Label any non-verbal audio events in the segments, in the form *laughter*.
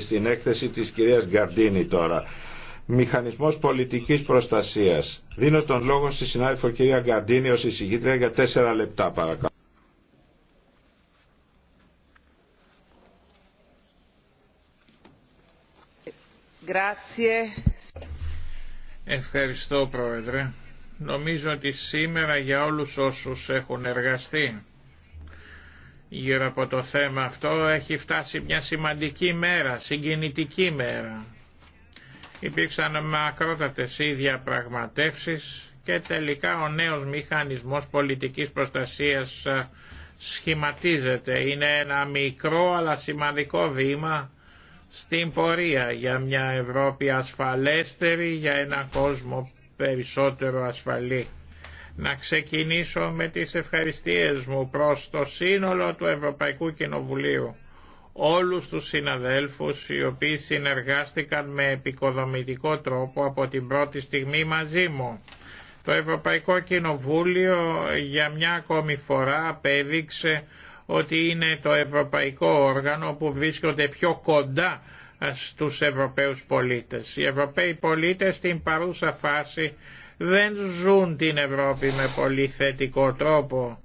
στην έκθεση της κυρίας Γκαρντίνη τώρα. Μηχανισμός πολιτικής προστασίας. Δίνω τον λόγο στη συνάδελφο κυρία Γκαρντίνη ως εισηγήτρια για τέσσερα λεπτά παρακαλώ. Ευχαριστώ Πρόεδρε. Νομίζω ότι σήμερα για όλους όσους έχουν εργαστεί γύρω από το θέμα αυτό έχει φτάσει μια σημαντική μέρα, συγκινητική μέρα. Υπήρξαν μακρότατες ίδια πραγματεύσεις και τελικά ο νέος μηχανισμός πολιτικής προστασίας σχηματίζεται. Είναι ένα μικρό αλλά σημαντικό βήμα στην πορεία για μια Ευρώπη ασφαλέστερη, για ένα κόσμο περισσότερο ασφαλή. Να ξεκινήσω με τις ευχαριστίες μου προς το σύνολο του Ευρωπαϊκού Κοινοβουλίου όλους τους συναδέλφους οι οποίοι συνεργάστηκαν με επικοδομητικό τρόπο από την πρώτη στιγμή μαζί μου. Το Ευρωπαϊκό Κοινοβούλιο για μια ακόμη φορά απέδειξε ότι είναι το ευρωπαϊκό όργανο που βρίσκονται πιο κοντά στους Ευρωπαίους πολίτες. Οι Ευρωπαίοι πολίτες στην παρούσα φάση δεν ζουν την Ευρώπη με πολύ θετικό τρόπο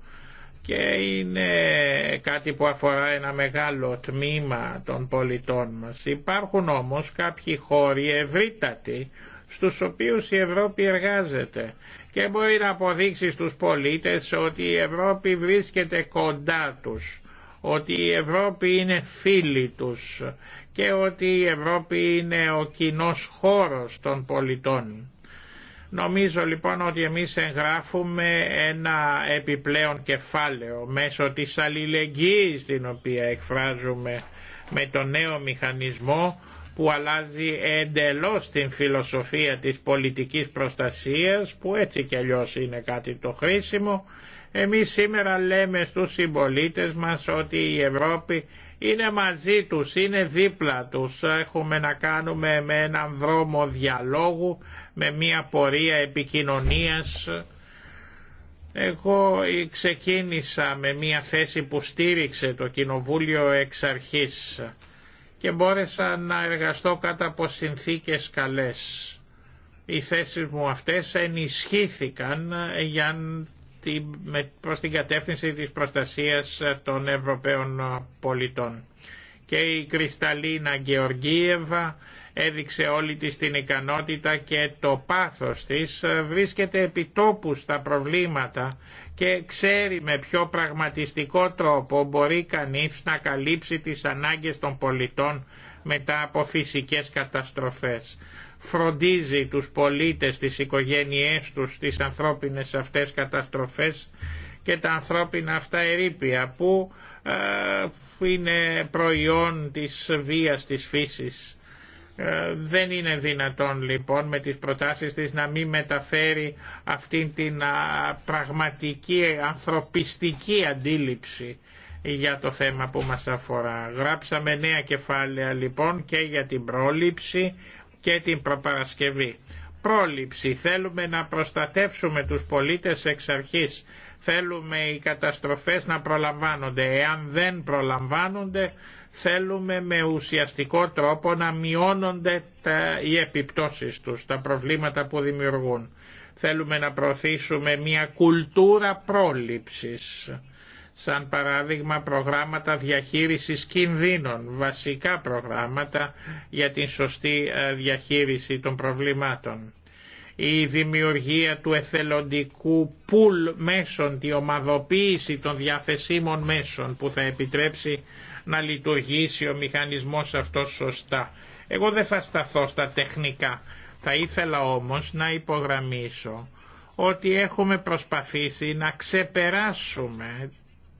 και είναι κάτι που αφορά ένα μεγάλο τμήμα των πολιτών μας. Υπάρχουν όμως κάποιοι χώροι ευρύτατοι στους οποίους η Ευρώπη εργάζεται και μπορεί να αποδείξει στους πολίτες ότι η Ευρώπη βρίσκεται κοντά τους, ότι η Ευρώπη είναι φίλη τους και ότι η Ευρώπη είναι ο κοινός χώρος των πολιτών. Νομίζω λοιπόν ότι εμείς εγγράφουμε ένα επιπλέον κεφάλαιο μέσω της αλληλεγγύης την οποία εκφράζουμε με τον νέο μηχανισμό που αλλάζει εντελώς την φιλοσοφία της πολιτικής προστασίας που έτσι κι αλλιώς είναι κάτι το χρήσιμο. Εμείς σήμερα λέμε στους συμπολίτε μας ότι η Ευρώπη είναι μαζί τους, είναι δίπλα τους. Έχουμε να κάνουμε με έναν δρόμο διαλόγου, με μια πορεία επικοινωνίας. Εγώ ξεκίνησα με μια θέση που στήριξε το Κοινοβούλιο εξ αρχής και μπόρεσα να εργαστώ κατά από συνθήκες καλές. Οι θέσεις μου αυτές ενισχύθηκαν για προς την κατεύθυνση της προστασίας ε, των Ευρωπαίων ε, πολιτών. Και η Κρυσταλίνα Γεωργίευα έδειξε όλη της την ικανότητα και το πάθος της ε, βρίσκεται επιτόπου στα προβλήματα και ξέρει με ποιο πραγματιστικό τρόπο μπορεί κανείς να καλύψει τις ανάγκες των πολιτών μετά από φυσικές καταστροφές φροντίζει τους πολίτες, τις οικογένειές τους, τις ανθρώπινες αυτές καταστροφές και τα ανθρώπινα αυτά ερήπια που ε, είναι προϊόν της βίας της φύσης. Ε, δεν είναι δυνατόν λοιπόν με τις προτάσεις της να μην μεταφέρει αυτήν την πραγματική ανθρωπιστική αντίληψη για το θέμα που μας αφορά. Γράψαμε νέα κεφάλαια λοιπόν και για την πρόληψη και την προπαρασκευή. Πρόληψη. Θέλουμε να προστατεύσουμε τους πολίτες εξ αρχής. Θέλουμε οι καταστροφές να προλαμβάνονται. Εάν δεν προλαμβάνονται θέλουμε με ουσιαστικό τρόπο να μειώνονται οι επιπτώσεις τους, τα προβλήματα που δημιουργούν. Θέλουμε να προωθήσουμε μια κουλτούρα πρόληψης σαν παράδειγμα προγράμματα διαχείρισης κινδύνων, βασικά προγράμματα για την σωστή ε, διαχείριση των προβλημάτων. Η δημιουργία του εθελοντικού πουλ μέσων, τη ομαδοποίηση των διαθεσίμων μέσων που θα επιτρέψει να λειτουργήσει ο μηχανισμός αυτός σωστά. Εγώ δεν θα σταθώ στα τεχνικά, θα ήθελα όμως να υπογραμμίσω ότι έχουμε προσπαθήσει να ξεπεράσουμε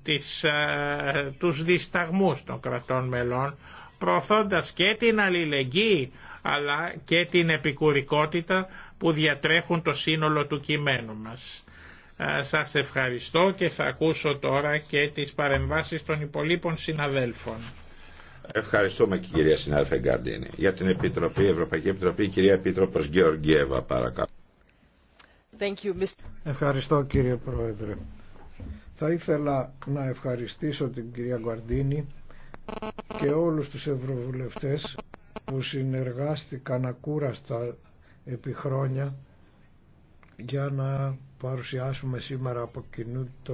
τις, ε, τους δισταγμούς των κρατών μελών, προωθώντας και την αλληλεγγύη αλλά και την επικουρικότητα που διατρέχουν το σύνολο του κειμένου μας. Ε, σας ευχαριστώ και θα ακούσω τώρα και τις παρεμβάσεις των υπολείπων συναδέλφων. Ευχαριστούμε και κυρία συνάδελφε Γκαρντίνη. Για την Επιτροπή, Ευρωπαϊκή Επιτροπή, η κυρία Επίτροπος Γεωργίευα παρακαλώ. Ευχαριστώ κύριε Πρόεδρε. Θα ήθελα να ευχαριστήσω την κυρία Γκουαρντίνη και όλους τους ευρωβουλευτές που συνεργάστηκαν ακούραστα επί χρόνια για να παρουσιάσουμε σήμερα από κοινού το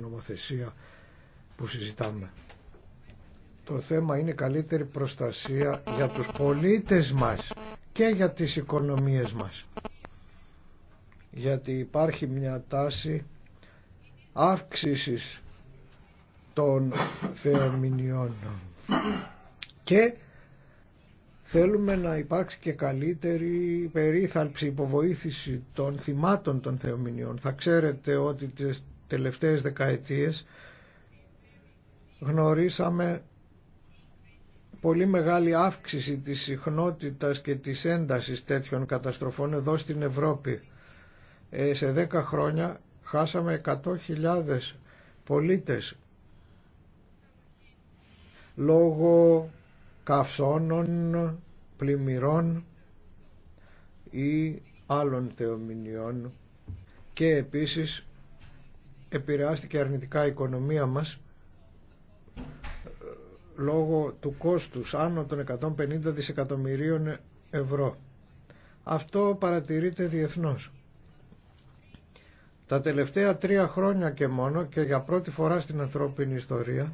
νομοθεσία που συζητάμε. Το θέμα είναι καλύτερη προστασία για τους πολίτες μας και για τις οικονομίες μας. Γιατί υπάρχει μια τάση αύξησης των θεομηνιών και θέλουμε να υπάρξει και καλύτερη περίθαλψη υποβοήθηση των θυμάτων των θεομηνιών. Θα ξέρετε ότι τις τελευταίες δεκαετίες γνωρίσαμε πολύ μεγάλη αύξηση της συχνότητας και της έντασης τέτοιων καταστροφών εδώ στην Ευρώπη. Ε, σε 10 χρόνια Χάσαμε 100.000 πολίτες λόγω καυσώνων, πλημμυρών ή άλλων θεομηνιών και επίσης επηρεάστηκε αρνητικά η οικονομία μας λόγω του κόστους άνω των 150 δισεκατομμυρίων ευρώ. Αυτό παρατηρείται διεθνώς. Τα τελευταία τρία χρόνια και μόνο και για πρώτη φορά στην ανθρώπινη ιστορία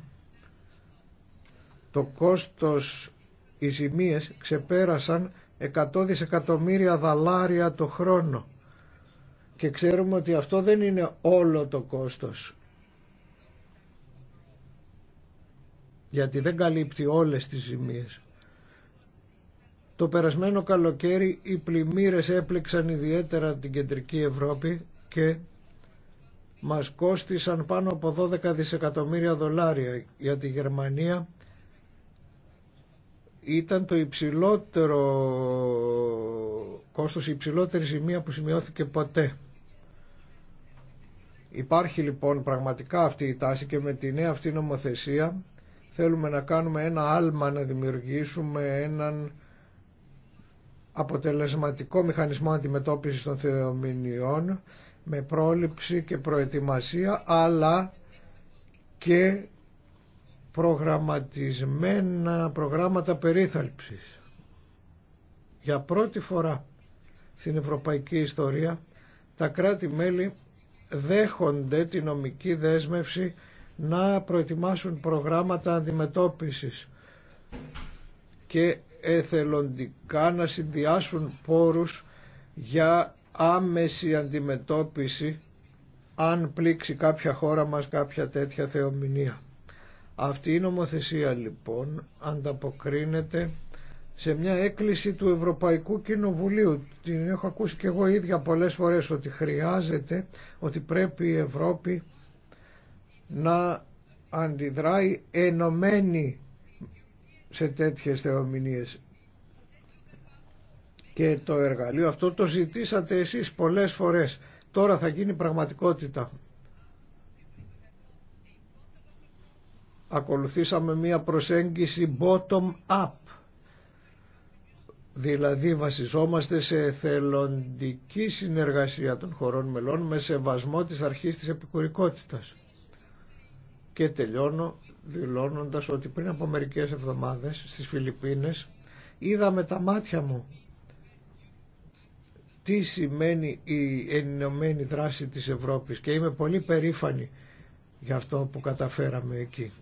το κόστος, οι ζημίες ξεπέρασαν 100 δισεκατομμύρια δαλάρια το χρόνο και ξέρουμε ότι αυτό δεν είναι όλο το κόστος γιατί δεν καλύπτει όλες τις ζημίες. Το περασμένο καλοκαίρι οι πλημμύρες έπληξαν ιδιαίτερα την κεντρική Ευρώπη και μας κόστισαν πάνω από 12 δισεκατομμύρια δολάρια για τη Γερμανία ήταν το υψηλότερο κόστος, η υψηλότερη ζημία που σημειώθηκε ποτέ. Υπάρχει λοιπόν πραγματικά αυτή η τάση και με τη νέα αυτή νομοθεσία θέλουμε να κάνουμε ένα άλμα να δημιουργήσουμε έναν αποτελεσματικό μηχανισμό αντιμετώπισης των θεομηνιών με πρόληψη και προετοιμασία αλλά και προγραμματισμένα προγράμματα περίθαλψης. Για πρώτη φορά στην ευρωπαϊκή ιστορία τα κράτη-μέλη δέχονται τη νομική δέσμευση να προετοιμάσουν προγράμματα αντιμετώπισης και εθελοντικά να συνδυάσουν πόρους για άμεση αντιμετώπιση αν πλήξει κάποια χώρα μας κάποια τέτοια θεομηνία. Αυτή η νομοθεσία λοιπόν ανταποκρίνεται σε μια έκκληση του Ευρωπαϊκού Κοινοβουλίου. Την έχω ακούσει και εγώ ίδια πολλές φορές ότι χρειάζεται, ότι πρέπει η Ευρώπη να αντιδράει ενωμένη σε τέτοιες θεομηνίες και το εργαλείο αυτό το ζητήσατε εσείς πολλές φορές. Τώρα θα γίνει πραγματικότητα. Ακολουθήσαμε μία προσέγγιση bottom-up. Δηλαδή βασιζόμαστε σε θελοντική συνεργασία των χωρών μελών με σεβασμό της αρχής της επικουρικότητας. Και τελειώνω δηλώνοντας ότι πριν από μερικές εβδομάδες στις Φιλιππίνες είδα με τα μάτια μου τι σημαίνει η ενωμένη δράση της Ευρώπης και είμαι πολύ περήφανη για αυτό που καταφέραμε εκεί.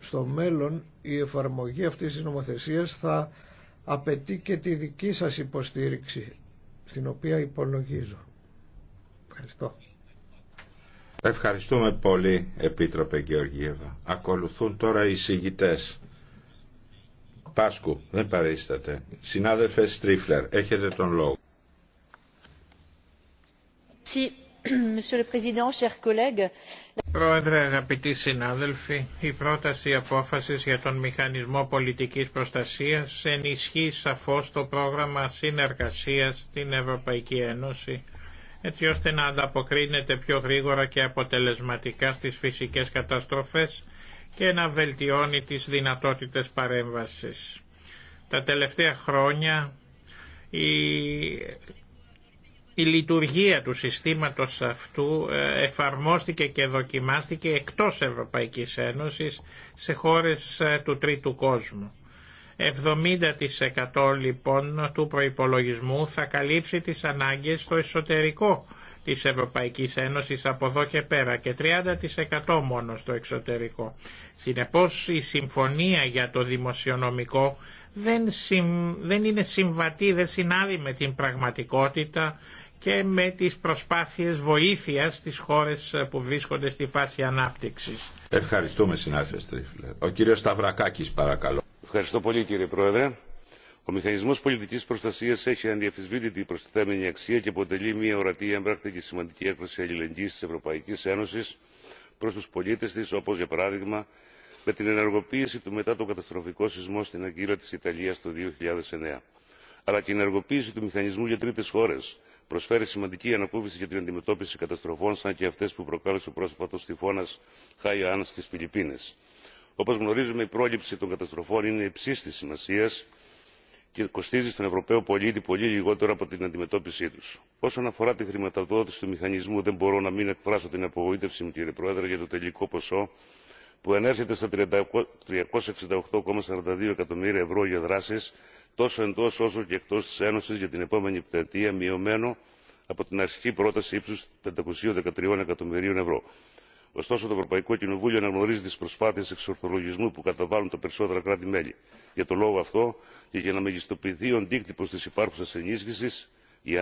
Στο μέλλον η εφαρμογή αυτής της νομοθεσίας θα απαιτεί και τη δική σας υποστήριξη στην οποία υπολογίζω. Ευχαριστώ. Ευχαριστούμε πολύ Επίτροπε Γεωργίευα. Ακολουθούν τώρα οι συγητές. Πάσκου, δεν παρίσταται. Συνάδελφε Στρίφλερ, έχετε τον λόγο. *clears throat* Πρόεδρε, αγαπητοί συνάδελφοι, η πρόταση απόφασης για τον Μηχανισμό Πολιτικής Προστασίας ενισχύει σαφώς το πρόγραμμα συνεργασίας στην Ευρωπαϊκή Ένωση, έτσι ώστε να ανταποκρίνεται πιο γρήγορα και αποτελεσματικά στις φυσικές καταστροφές και να βελτιώνει τις δυνατότητες παρέμβασης. Τα τελευταία χρόνια η λειτουργία του συστήματος αυτού ε, εφαρμόστηκε και δοκιμάστηκε εκτός Ευρωπαϊκής Ένωσης σε χώρες ε, του τρίτου κόσμου. 70% λοιπόν του προϋπολογισμού θα καλύψει τις ανάγκες στο εσωτερικό της Ευρωπαϊκής Ένωσης από εδώ και πέρα και 30% μόνο στο εξωτερικό. Συνεπώς η συμφωνία για το δημοσιονομικό δεν, δεν είναι συμβατή, δεν συνάδει με την πραγματικότητα και με τις προσπάθειες βοήθειας στις χώρες που βρίσκονται στη φάση ανάπτυξης. Ευχαριστούμε συνάδελφε Στρίφλερ. Ο κύριος Σταυρακάκης παρακαλώ. Ευχαριστώ πολύ κύριε Πρόεδρε. Ο μηχανισμό πολιτική προστασία έχει ανδιαφυσβήτητη προστιθέμενη αξία και αποτελεί μια ορατή, έμπρακτη και σημαντική έκφραση αλληλεγγύη τη Ευρωπαϊκή Ένωση προ του πολίτε τη, όπω για παράδειγμα με την ενεργοποίηση του μετά τον καταστροφικό σεισμό στην αγκύρα τη Ιταλία το 2009, αλλά και η ενεργοποίηση του μηχανισμού για τρίτε χώρε προσφέρει σημαντική ανακούφιση για την αντιμετώπιση καταστροφών σαν και αυτέ που προκάλεσε ο πρόσφατο τυφώνα χάιαν στι φιλιππίνε. όπω γνωρίζουμε η πρόληψη των καταστροφών είναι υψή τη σημασία και κοστίζει στον ευρωπαίο πολίτη πολύ λιγότερο από την αντιμετώπιση του. όσον αφορά τη χρηματοδότηση του μηχανισμού δεν μπορώ να μην εκφράσω την απογοήτευσή μου κύριε πρόεδρε για το τελικό ποσό που ανέρχεται στα 368,42 εκατομμύρια ευρώ για δράσεις τόσο εντό όσο και εκτό τη ένωση για την επόμενη πενταετία μειωμένο από την αρχική πρόταση ύψου 513 εκατομμυρίων ευρώ. ωστόσο το ευρωπαϊκό κοινοβούλιο αναγνωρίζει τι προσπάθειε εξορθολογισμού που καταβάλουν τα περισσότερα κράτη μέλη. για τον λόγο αυτό και για να μεγιστοποιηθεί ο αντίκτυπο τη υπάρχουσα ενίσχυση η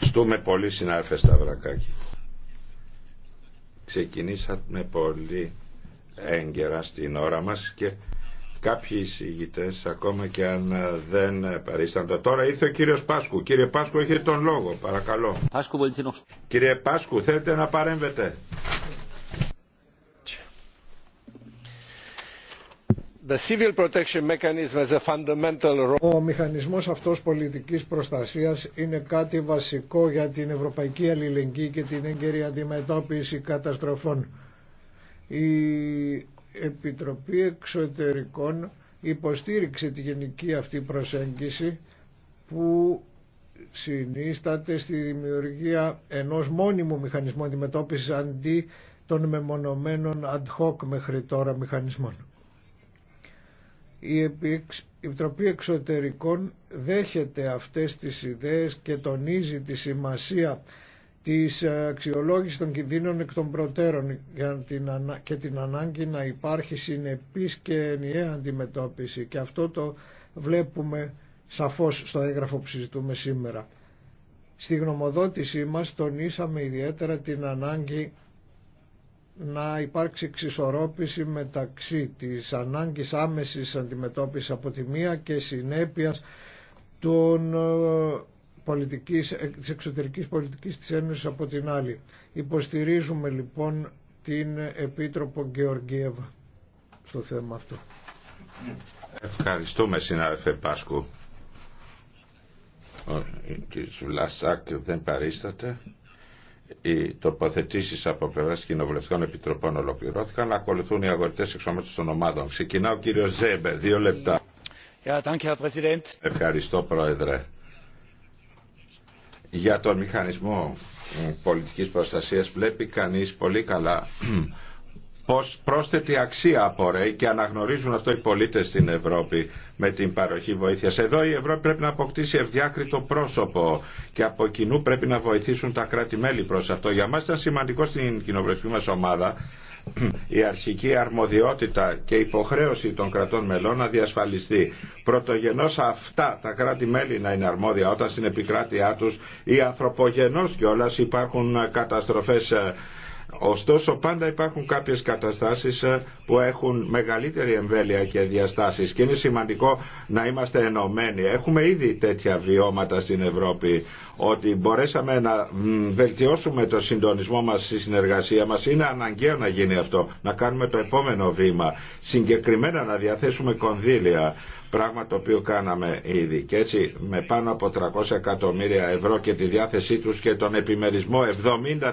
Στούμε πολύ συνάδελφε Σταυρακάκη. Ξεκινήσαμε πολύ έγκαιρα στην ώρα μας και κάποιοι εισηγητές ακόμα και αν δεν παρίστανται. Τώρα ήρθε ο κύριος Πάσκου. Κύριε Πάσκου έχετε τον λόγο παρακαλώ. Πάσκου, Κύριε Πάσκου θέλετε να παρέμβετε. Ο μηχανισμός αυτός πολιτικής προστασίας είναι κάτι βασικό για την ευρωπαϊκή αλληλεγγύη και την έγκαιρη αντιμετώπιση καταστροφών. Η Επιτροπή Εξωτερικών υποστήριξε τη γενική αυτή προσέγγιση που συνίσταται στη δημιουργία ενός μόνιμου μηχανισμού αντιμετώπισης αντί των μεμονωμένων ad hoc μέχρι τώρα μηχανισμών. Η Επιτροπή Εξωτερικών δέχεται αυτές τις ιδέες και τονίζει τη σημασία της ε, αξιολόγησης των κινδύνων εκ των προτέρων και την ανάγκη να υπάρχει συνεπής και ενιαία αντιμετώπιση και αυτό το βλέπουμε σαφώς στο έγγραφο που συζητούμε σήμερα. Στη γνωμοδότησή μας τονίσαμε ιδιαίτερα την ανάγκη να υπάρξει εξισορρόπηση μεταξύ της ανάγκης άμεσης αντιμετώπισης από τη μία και συνέπειας των ε, πολιτικής, ε, της εξωτερικής πολιτικής της Ένωσης από την άλλη. Υποστηρίζουμε λοιπόν την Επίτροπο Γεωργίευα στο θέμα αυτό. Ευχαριστούμε συνάδελφε Πάσκου. Ο κ. Λασάκη δεν παρίσταται οι τοποθετήσει από πλευρά κοινοβουλευτικών επιτροπών ολοκληρώθηκαν. Ακολουθούν οι αγορητές εξωμάτων των ομάδων. Ξεκινά ο κύριο Ζέμπερ. Δύο λεπτά. Ευχαριστώ Πρόεδρε. Για τον μηχανισμό πολιτικής προστασίας βλέπει κανείς πολύ καλά πως πρόσθετη αξία απορρέει και αναγνωρίζουν αυτό οι πολίτες στην Ευρώπη με την παροχή βοήθειας. Εδώ η Ευρώπη πρέπει να αποκτήσει ευδιάκριτο πρόσωπο και από κοινού πρέπει να βοηθήσουν τα κράτη-μέλη προς αυτό. Για μας ήταν σημαντικό στην κοινοβουλευτική μας ομάδα η αρχική αρμοδιότητα και υποχρέωση των κρατών μελών να διασφαλιστεί. Πρωτογενώς αυτά τα κράτη-μέλη να είναι αρμόδια όταν στην επικράτειά τους ή ανθρωπογενώς κιόλας υπάρχουν καταστροφές ε, Ωστόσο πάντα υπάρχουν κάποιες καταστάσεις ε, που έχουν μεγαλύτερη εμβέλεια και διαστάσεις και είναι σημαντικό να είμαστε ενωμένοι. Έχουμε ήδη τέτοια βιώματα στην Ευρώπη ότι μπορέσαμε να βελτιώσουμε το συντονισμό μας στη συνεργασία μας. Είναι αναγκαίο να γίνει αυτό, να κάνουμε το επόμενο βήμα, συγκεκριμένα να διαθέσουμε κονδύλια πράγμα το οποίο κάναμε ήδη. Και έτσι με πάνω από 300 εκατομμύρια ευρώ και τη διάθεσή τους και τον επιμερισμό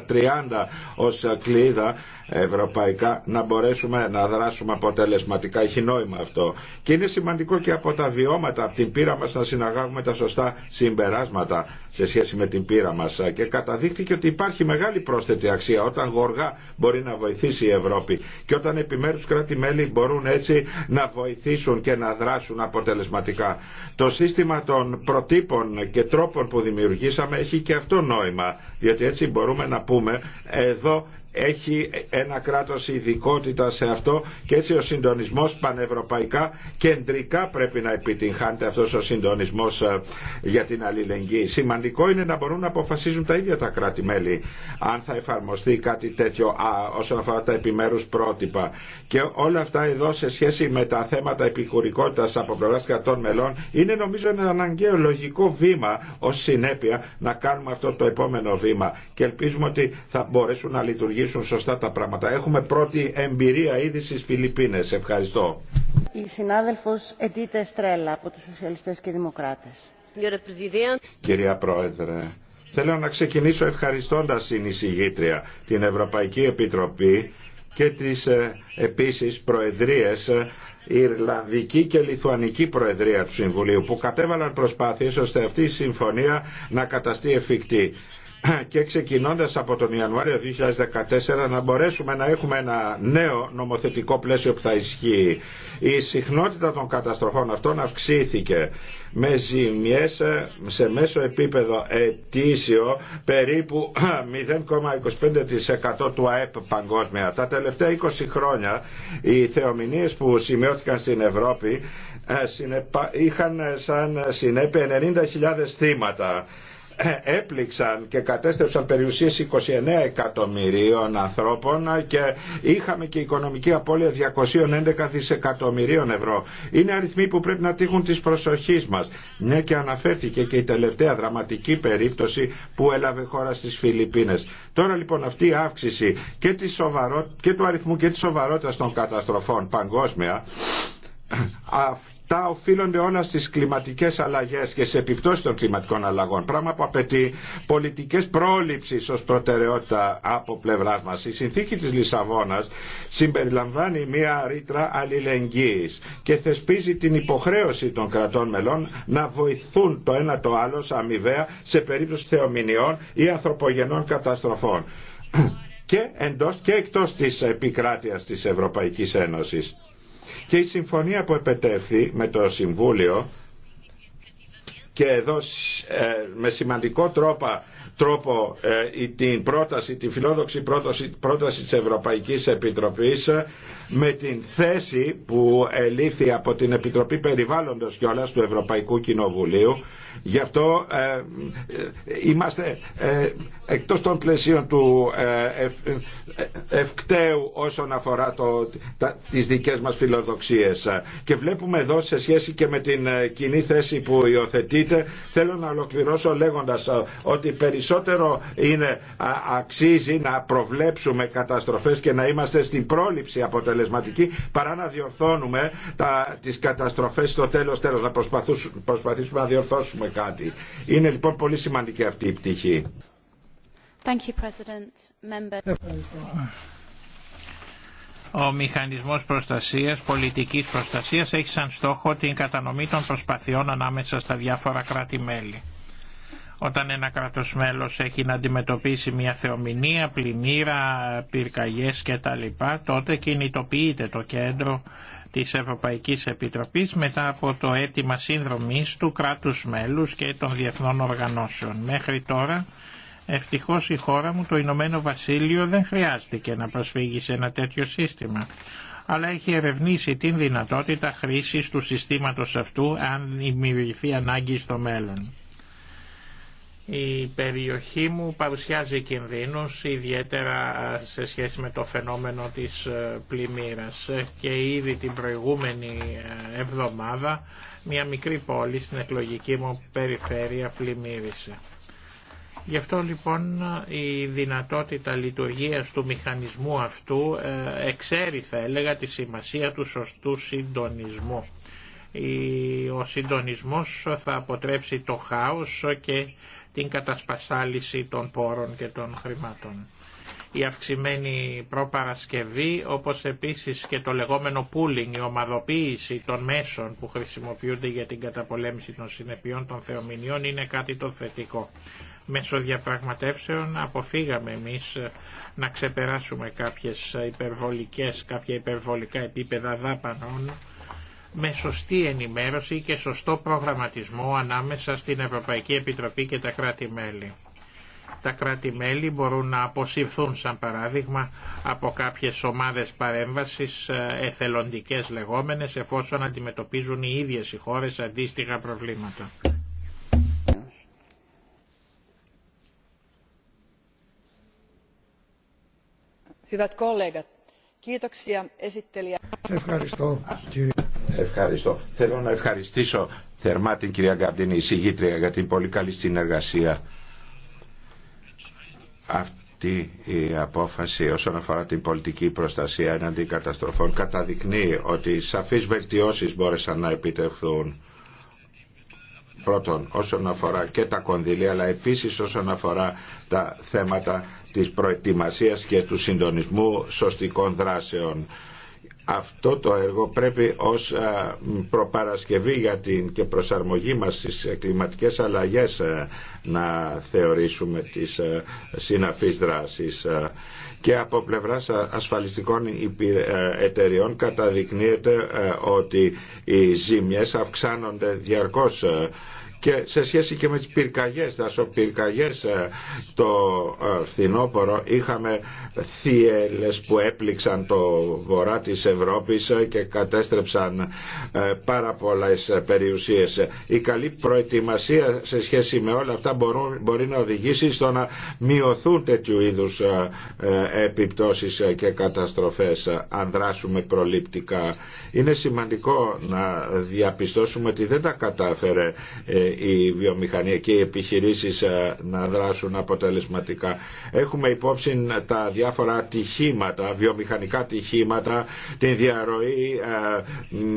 70-30 ως κλείδα ευρωπαϊκά να μπορέσουμε να δράσουμε αποτελεσματικά. Έχει νόημα αυτό. Και είναι σημαντικό και από τα βιώματα, από την πείρα μας να συναγάγουμε τα σωστά συμπεράσματα σε σχέση με την πείρα μας. Και καταδείχθηκε ότι υπάρχει μεγάλη πρόσθετη αξία όταν γοργά μπορεί να βοηθήσει η Ευρώπη και όταν επιμέρους κράτη-μέλη μπορούν έτσι να βοηθήσουν και να δράσουν αποτελεσματικά. Το σύστημα των προτύπων και τρόπων που δημιουργήσαμε έχει και αυτό νόημα, διότι έτσι μπορούμε να πούμε εδώ έχει ένα κράτος ειδικότητα σε αυτό και έτσι ο συντονισμός πανευρωπαϊκά κεντρικά πρέπει να επιτυγχάνεται αυτός ο συντονισμός ε, για την αλληλεγγύη. Σημαντικό είναι να μπορούν να αποφασίζουν τα ίδια τα κράτη-μέλη αν θα εφαρμοστεί κάτι τέτοιο α, όσον αφορά τα επιμέρους πρότυπα. Και όλα αυτά εδώ σε σχέση με τα θέματα επικουρικότητας από πλευράς των μελών είναι νομίζω ένα αναγκαίο λογικό βήμα ως συνέπεια να κάνουμε αυτό το επόμενο βήμα και ελπίζουμε ότι θα μπορέσουν να λειτουργήσουν λειτουργήσουν σωστά τα πράγματα. Έχουμε πρώτη εμπειρία ήδη στι Φιλιππίνες. Ευχαριστώ. Η συνάδελφος Εντίτε Στρέλα από του Σοσιαλιστέ και Δημοκράτε. Κυρία Πρόεδρε, θέλω να ξεκινήσω ευχαριστώντα την εισηγήτρια, την Ευρωπαϊκή Επιτροπή και τις ε, επίση προεδρίε, η ε, Ιρλανδική και Λιθουανική Προεδρία του Συμβουλίου που κατέβαλαν προσπάθειες ώστε αυτή η συμφωνία να καταστεί εφικτή. *clears throat* και ξεκινώντας από τον Ιανουάριο 2014 να μπορέσουμε να έχουμε ένα νέο νομοθετικό πλαίσιο που θα ισχύει. Η συχνότητα των καταστροφών αυτών αυξήθηκε με ζημιές ε, σε μέσο επίπεδο ετήσιο περίπου 0,25% *clears throat* του ΑΕΠ παγκόσμια. Τα τελευταία 20 χρόνια οι θεομηνίες που σημειώθηκαν στην Ευρώπη ε, είχαν σαν συνέπεια 90.000 θύματα έπληξαν και κατέστρεψαν περιουσίες 29 εκατομμυρίων ανθρώπων και είχαμε και οικονομική απώλεια 211 δισεκατομμυρίων ευρώ. Είναι αριθμοί που πρέπει να τύχουν της προσοχής μας. Μια ναι, και αναφέρθηκε και η τελευταία δραματική περίπτωση που έλαβε χώρα στις Φιλιππίνες. Τώρα λοιπόν αυτή η αύξηση και, σοβαρό... και του αριθμού και της σοβαρότητας των καταστροφών παγκόσμια αυτά οφείλονται όλα στις κλιματικές αλλαγές και σε επιπτώσεις των κλιματικών αλλαγών. Πράγμα που απαιτεί πολιτικές πρόληψης ως προτεραιότητα από πλευράς μας. Η συνθήκη της Λισαβόνας συμπεριλαμβάνει μια ρήτρα αλληλεγγύης και θεσπίζει την υποχρέωση των κρατών μελών να βοηθούν το ένα το άλλο αμοιβαία σε περίπτωση θεομηνιών ή ανθρωπογενών καταστροφών *clears throat* και εντός και εκτός της επικράτειας της Ευρωπαϊκής Ένωσης. Και η συμφωνία που επετεύχθη με το Συμβούλιο και εδώ ε, με σημαντικό τρόπο τρόπο ε, την πρόταση, την φιλόδοξη πρόταση, πρόταση της Ευρωπαϊκής Επιτροπής ε, με την θέση που ελήφθη από την Επιτροπή Περιβάλλοντος κιόλας του Ευρωπαϊκού Κοινοβουλίου. Γι' αυτό ε, ε είμαστε ε, εκτός των πλαισίων του ευκταίου όσον αφορά το, τα, τις δικές μας φιλοδοξίες. Και βλέπουμε εδώ σε σχέση και με την κοινή θέση που υιοθετείτε, θέλω να ολοκληρώσω λέγοντας ότι περισσότερο είναι, αξίζει να προβλέψουμε καταστροφές και να είμαστε στην πρόληψη αποτελεσματική παρά να διορθώνουμε τα, τις καταστροφές στο τέλος τέλος, να προσπαθήσουμε να διορθώσουμε κάτι. Είναι λοιπόν πολύ σημαντική αυτή η πτυχή. Thank you, President. Member. Ο μηχανισμός προστασίας, πολιτικής προστασίας έχει σαν στόχο την κατανομή των προσπαθειών ανάμεσα στα διάφορα κράτη-μέλη. Όταν ένα κράτος μέλος έχει να αντιμετωπίσει μια θεομηνία, πλημμύρα, πυρκαγιές κτλ. τότε κινητοποιείται το κέντρο της Ευρωπαϊκής Επιτροπής μετά από το αίτημα σύνδρομής του κράτους μέλους και των διεθνών οργανώσεων. Μέχρι τώρα ευτυχώς η χώρα μου το Ηνωμένο Βασίλειο δεν χρειάστηκε να προσφύγει σε ένα τέτοιο σύστημα αλλά έχει ερευνήσει την δυνατότητα χρήσης του συστήματος αυτού αν δημιουργηθεί ανάγκη στο μέλλον. Η περιοχή μου παρουσιάζει κινδύνους, ιδιαίτερα ε, σε σχέση με το φαινόμενο της ε, πλημμύρας ε, και ήδη την προηγούμενη εβδομάδα μια μικρή πόλη στην εκλογική μου περιφέρεια πλημμύρισε. Γι' αυτό λοιπόν η δυνατότητα λειτουργίας του μηχανισμού αυτού εξαίρει θα έλεγα τη σημασία του σωστού συντονισμού. Ο συντονισμός θα αποτρέψει το χάος και την κατασπασάληση των πόρων και των χρημάτων. Η αυξημένη προπαρασκευή, όπως επίσης και το λεγόμενο pooling, η ομαδοποίηση των μέσων που χρησιμοποιούνται για την καταπολέμηση των συνεπειών των θεομηνιών είναι κάτι το θετικό. Μέσω διαπραγματεύσεων αποφύγαμε εμείς να ξεπεράσουμε κάποιες υπερβολικές, κάποια υπερβολικά επίπεδα δάπανων με σωστή ενημέρωση και σωστό προγραμματισμό ανάμεσα στην Ευρωπαϊκή Επιτροπή και τα κράτη-μέλη. Τα κράτη-μέλη μπορούν να αποσυρθούν σαν παράδειγμα από κάποιες ομάδες παρέμβασης ε, εθελοντικές λεγόμενες εφόσον αντιμετωπίζουν οι ίδιες οι χώρες αντίστοιχα προβλήματα. Ευχαριστώ κύριε Ευχαριστώ. Θέλω να ευχαριστήσω θερμά την κυρία Γκαρντίνη, η για την πολύ καλή συνεργασία. Αυτή η απόφαση όσον αφορά την πολιτική προστασία εναντί καταστροφών καταδεικνύει ότι σαφείς βελτιώσεις μπόρεσαν να επιτευχθούν πρώτον όσον αφορά και τα κονδυλία αλλά επίσης όσον αφορά τα θέματα της προετοιμασίας και του συντονισμού σωστικών δράσεων αυτό το έργο πρέπει ως προπαρασκευή για την και προσαρμογή μας στις κλιματικές αλλαγές να θεωρήσουμε τις συναφείς δράσεις και από πλευράς ασφαλιστικών εταιριών καταδεικνύεται ότι οι ζήμιες αυξάνονται διαρκώς και σε σχέση και με τις πυρκαγιές, πυρκαγιές ε, το ε, φθινόπωρο είχαμε θύελες που έπληξαν το βορρά της Ευρώπης ε, και κατέστρεψαν πάρα πολλές περιουσίες. Η καλή προετοιμασία σε σχέση με όλα αυτά μπορεί να οδηγήσει στο να μειωθούν τέτοιου είδους επιπτώσεις και καταστροφές αν δράσουμε προληπτικά. Είναι σημαντικό να διαπιστώσουμε ότι δεν τα κατάφερε η βιομηχανία και επιχειρήσεις ε, να δράσουν αποτελεσματικά. Έχουμε υπόψη τα διάφορα ατυχήματα, βιομηχανικά ατυχήματα, την διαρροή ε,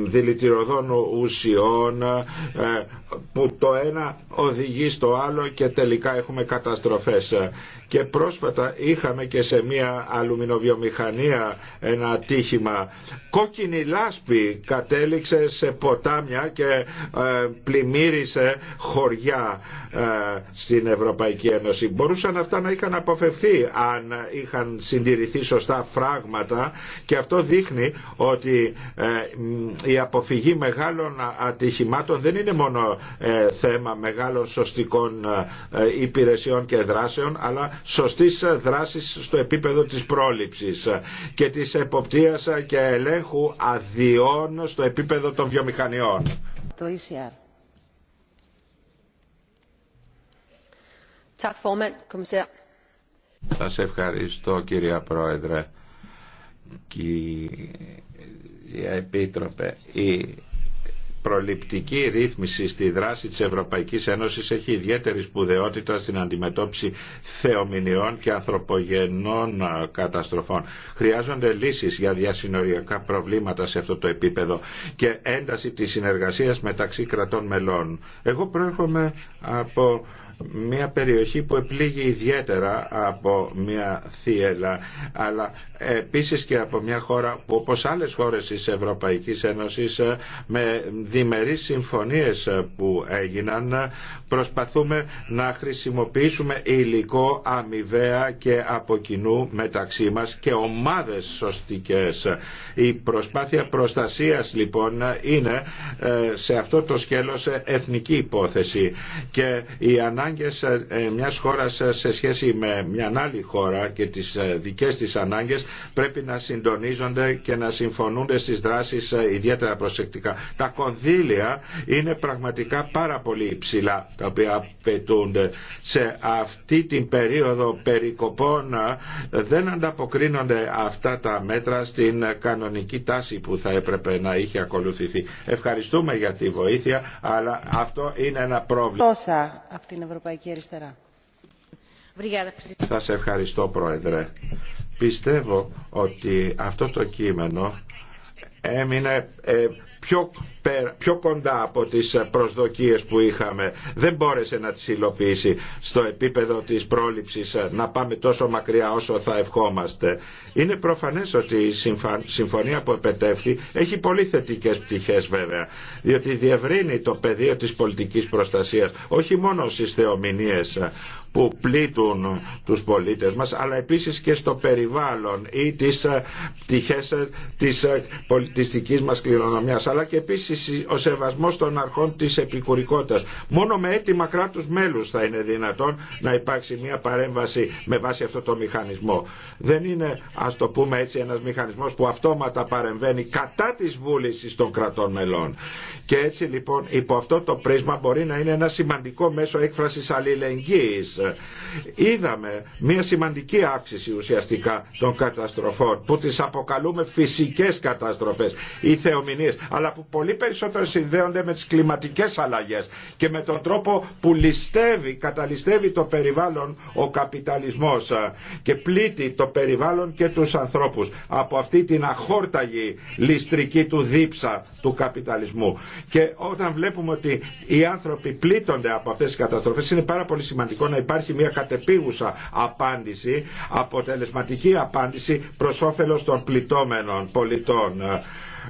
δηλητηροδών ουσιών ε, που το ένα οδηγεί στο άλλο και τελικά έχουμε καταστροφές. Και πρόσφατα είχαμε και σε μια αλουμινοβιομηχανία ένα ατύχημα. Κόκκινη λάσπη κατέληξε σε ποτάμια και πλημμύρισε χωριά ε, στην Ευρωπαϊκή Ένωση. Μπορούσαν αυτά να είχαν αποφευθεί αν είχαν συντηρηθεί σωστά φράγματα και αυτό δείχνει ότι ε, η αποφυγή μεγάλων ατυχημάτων δεν είναι μόνο ε, θέμα μεγάλων σωστικών υπηρεσιών και δράσεων αλλά σωστής δράσης στο επίπεδο της πρόληψης και της εποπτείας και ελέγχου αδειών στο επίπεδο των βιομηχανιών. Το ECR. Σας ευχαριστώ κύριε Πρόεδρε. Κύριε Επίτροπε, η προληπτική ρύθμιση στη δράση της Ευρωπαϊκής Ένωσης έχει ιδιαίτερη σπουδαιότητα στην αντιμετώπιση θεομηνιών και ανθρωπογενών καταστροφών. Χρειάζονται λύσεις για διασυνοριακά προβλήματα σε αυτό το επίπεδο και ένταση της συνεργασίας μεταξύ κρατών μελών. Εγώ προέρχομαι από μια περιοχή που επλήγει ιδιαίτερα από μια θύελα αλλά επίσης και από μια χώρα που όπως άλλες χώρες της Ευρωπαϊκής Ένωσης με διμερείς συμφωνίες που έγιναν προσπαθούμε να χρησιμοποιήσουμε υλικό αμοιβαία και από κοινού μεταξύ μας και ομάδες σωστικές. Η προσπάθεια προστασίας λοιπόν είναι ε, σε αυτό το σκέλος εθνική υπόθεση και η ανάγκη ανάγκες ε, ε, μιας χώρας ε, σε σχέση με μια άλλη χώρα και τις δικές της ανάγκες πρέπει να συντονίζονται και να συμφωνούνται στις δράσεις ιδιαίτερα προσεκτικά. Τα κονδύλια είναι πραγματικά πάρα πολύ υψηλά τα οποία απαιτούνται. Σε αυτή την περίοδο περικοπών δεν ανταποκρίνονται αυτά τα μέτρα στην κανονική τάση που θα έπρεπε να είχε ακολουθηθεί. Ευχαριστούμε για τη βοήθεια, αλλά αυτό είναι ένα πρόβλημα. Ευρωπαϊκή Σας ευχαριστώ Πρόεδρε. Πιστεύω ότι αυτό το κείμενο έμεινε ε, πιο, κοντά από τις προσδοκίες που είχαμε. Δεν μπόρεσε να τις υλοποιήσει στο επίπεδο της πρόληψης να πάμε τόσο μακριά όσο θα ευχόμαστε. Είναι προφανές ότι η συμφωνία που επετεύχει έχει πολύ θετικές πτυχές βέβαια, διότι διευρύνει το πεδίο της πολιτικής προστασίας, όχι μόνο στις θεομηνίες, που πλήττουν τους πολίτες μας αλλά επίσης και στο περιβάλλον ή τις ε, πτυχές ε, της ε, πολιτιστικής μας κληρονομιάς αλλά και επίσης ο σεβασμός των αρχών της επικουρικότητας. Μόνο με έτοιμα κράτους μέλους θα είναι δυνατόν να υπάρξει μια παρέμβαση με βάση αυτό το μηχανισμό. Δεν είναι ας το πούμε έτσι ένας μηχανισμός που αυτόματα παρεμβαίνει κατά της βούλησης των κρατών μελών. Και έτσι λοιπόν υπό αυτό το πρίσμα μπορεί να είναι ένα σημαντικό μέσο έκφρασης αλληλεγγύης Είδαμε μια σημαντική αύξηση ουσιαστικά των καταστροφών που τις αποκαλούμε φυσικές καταστροφές ή θεομηνίες αλλά που πολύ περισσότερο συνδέονται με τις κλιματικές αλλαγές και με τον τρόπο που ληστεύει, καταλυστεύει το περιβάλλον ο καπιταλισμός και πλήττει το περιβάλλον και τους ανθρώπους από αυτή την αχόρταγη ληστρική του δίψα του καπιταλισμού. Και όταν βλέπουμε ότι οι άνθρωποι πλήττονται από αυτές τις καταστροφές είναι πάρα πολύ σημαντικό να υπάρχει μια κατεπίγουσα απάντηση, αποτελεσματική απάντηση προς όφελος των πληττόμενων πολιτών.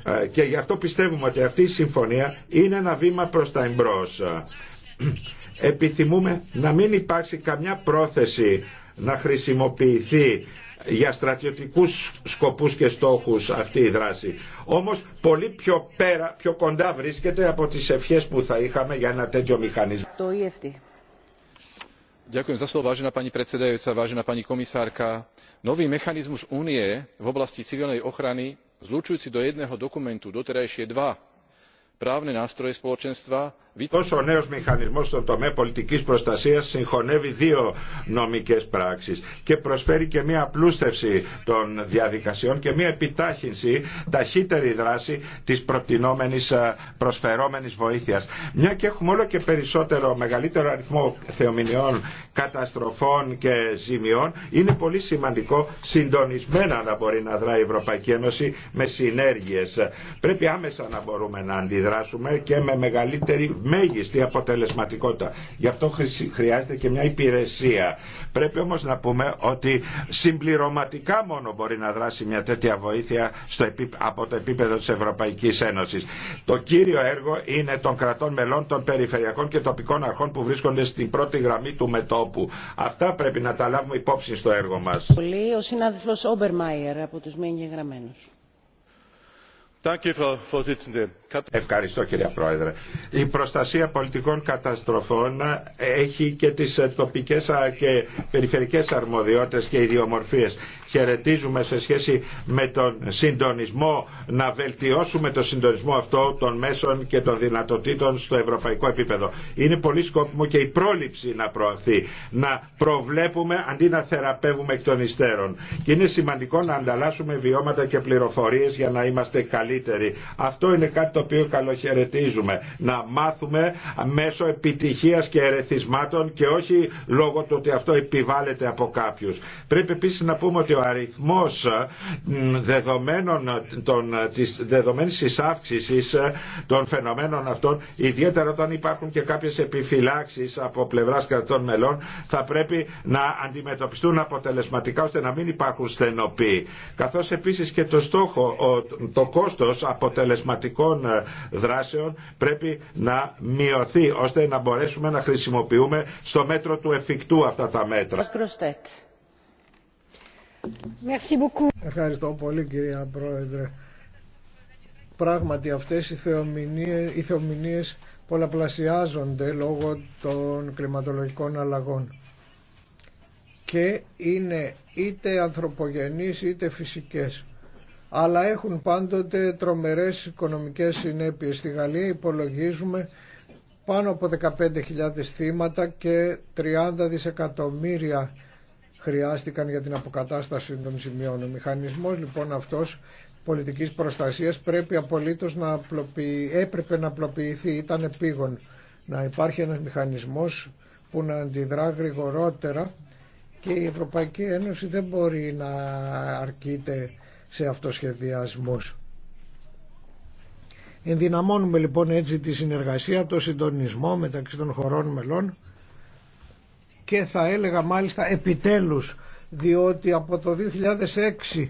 Ε, και γι' αυτό πιστεύουμε ότι αυτή η συμφωνία είναι ένα βήμα προς τα εμπρός. Ε, επιθυμούμε να μην υπάρξει καμιά πρόθεση να χρησιμοποιηθεί για στρατιωτικούς σκοπούς και στόχους αυτή η δράση. Όμως πολύ πιο πέρα, πιο κοντά βρίσκεται από τις ευχές που θα είχαμε για ένα τέτοιο μηχανισμό. Το e nový mechanizmus únie v oblasti civilnej ochrany zlučujúci do jedného dokumentu doterajšie dva právne nástroje spoločenstva prináša nové možnosti pre členské štáty. Τόσο ο νέος μηχανισμός στον τομέα πολιτικής προστασίας συγχωνεύει δύο νομικές πράξεις και προσφέρει και μια απλούστευση των διαδικασιών και μια επιτάχυνση, ταχύτερη δράση της προτινόμενης ε, προσφερόμενης βοήθειας. Μια και έχουμε όλο και περισσότερο, μεγαλύτερο αριθμό θεομηνιών, καταστροφών και ζημιών, είναι πολύ σημαντικό συντονισμένα να μπορεί να δράει η Ευρωπαϊκή Ένωση με συνέργειες. Πρέπει άμεσα να μπορούμε να αντιδράσουμε και με μεγαλύτερη μέγιστη αποτελεσματικότητα. Γι' αυτό χρειάζεται και μια υπηρεσία. Πρέπει όμως να πούμε ότι συμπληρωματικά μόνο μπορεί να δράσει μια τέτοια βοήθεια στο, από το επίπεδο της Ευρωπαϊκής Ένωσης. Το κύριο έργο είναι των κρατών μελών, των περιφερειακών και τοπικών αρχών που βρίσκονται στην πρώτη γραμμή του μετόπου. Αυτά πρέπει να τα λάβουμε υπόψη στο έργο μας. Πολύ ο συνάδελφος Όμπερμαϊερ από τους Μέγγε Γραμμένους. Ευχαριστώ κυρία Πρόεδρε. Η προστασία πολιτικών καταστροφών έχει και τις τοπικές και περιφερικές αρμοδιότητες και ιδιομορφίες. Χαιρετίζουμε σε σχέση με τον συντονισμό να βελτιώσουμε τον συντονισμό αυτό των μέσων και των δυνατοτήτων στο ευρωπαϊκό επίπεδο. Είναι πολύ σκόπιμο και η πρόληψη να προωθεί, να προβλέπουμε αντί να θεραπεύουμε εκ των υστέρων. Και είναι σημαντικό να ανταλλάσσουμε βιώματα και πληροφορίες για να είμαστε καλύτεροι. Αυτό είναι κάτι το οποίο καλοχαιρετίζουμε. Να μάθουμε μέσω επιτυχίας και ερεθισμάτων και όχι λόγω του ότι αυτό επιβάλλεται από κάποιους. Πρέπει επίσης να πούμε ότι ο αριθμός ε, δεδομένων ε, των, ε, της δεδομένης των φαινομένων αυτών, ιδιαίτερα όταν υπάρχουν και κάποιες επιφυλάξεις από πλευράς κρατών μελών, θα πρέπει να αντιμετωπιστούν αποτελεσματικά ώστε να μην υπάρχουν στενοποί. Καθώς επίσης και το στόχο, το κόστος αποτελεσματικών ε, δράσεων πρέπει να μειωθεί ώστε να μπορέσουμε να χρησιμοποιούμε στο μέτρο του εφικτού αυτά τα μέτρα. Ευχαριστώ πολύ κυρία Πρόεδρε. Πράγματι αυτές οι θεομηνίες, οι πολλαπλασιάζονται λόγω των κλιματολογικών αλλαγών και είναι είτε ανθρωπογενείς είτε φυσικές αλλά έχουν πάντοτε τρομερές οικονομικές συνέπειες. Στη Γαλλία υπολογίζουμε πάνω από 15.000 θύματα και 30 δισεκατομμύρια χρειάστηκαν για την αποκατάσταση των σημειών. Ο μηχανισμός λοιπόν αυτός πολιτικής προστασίας πρέπει απολύτως να απλοποιη... έπρεπε να απλοποιηθεί, ήταν επίγον να υπάρχει ένας μηχανισμός που να αντιδρά γρηγορότερα και η Ευρωπαϊκή Ένωση δεν μπορεί να αρκείται σε αυτοσχεδιασμούς. Ενδυναμώνουμε λοιπόν έτσι τη συνεργασία, το συντονισμό μεταξύ των χωρών μελών και θα έλεγα μάλιστα επιτέλους διότι από το 2006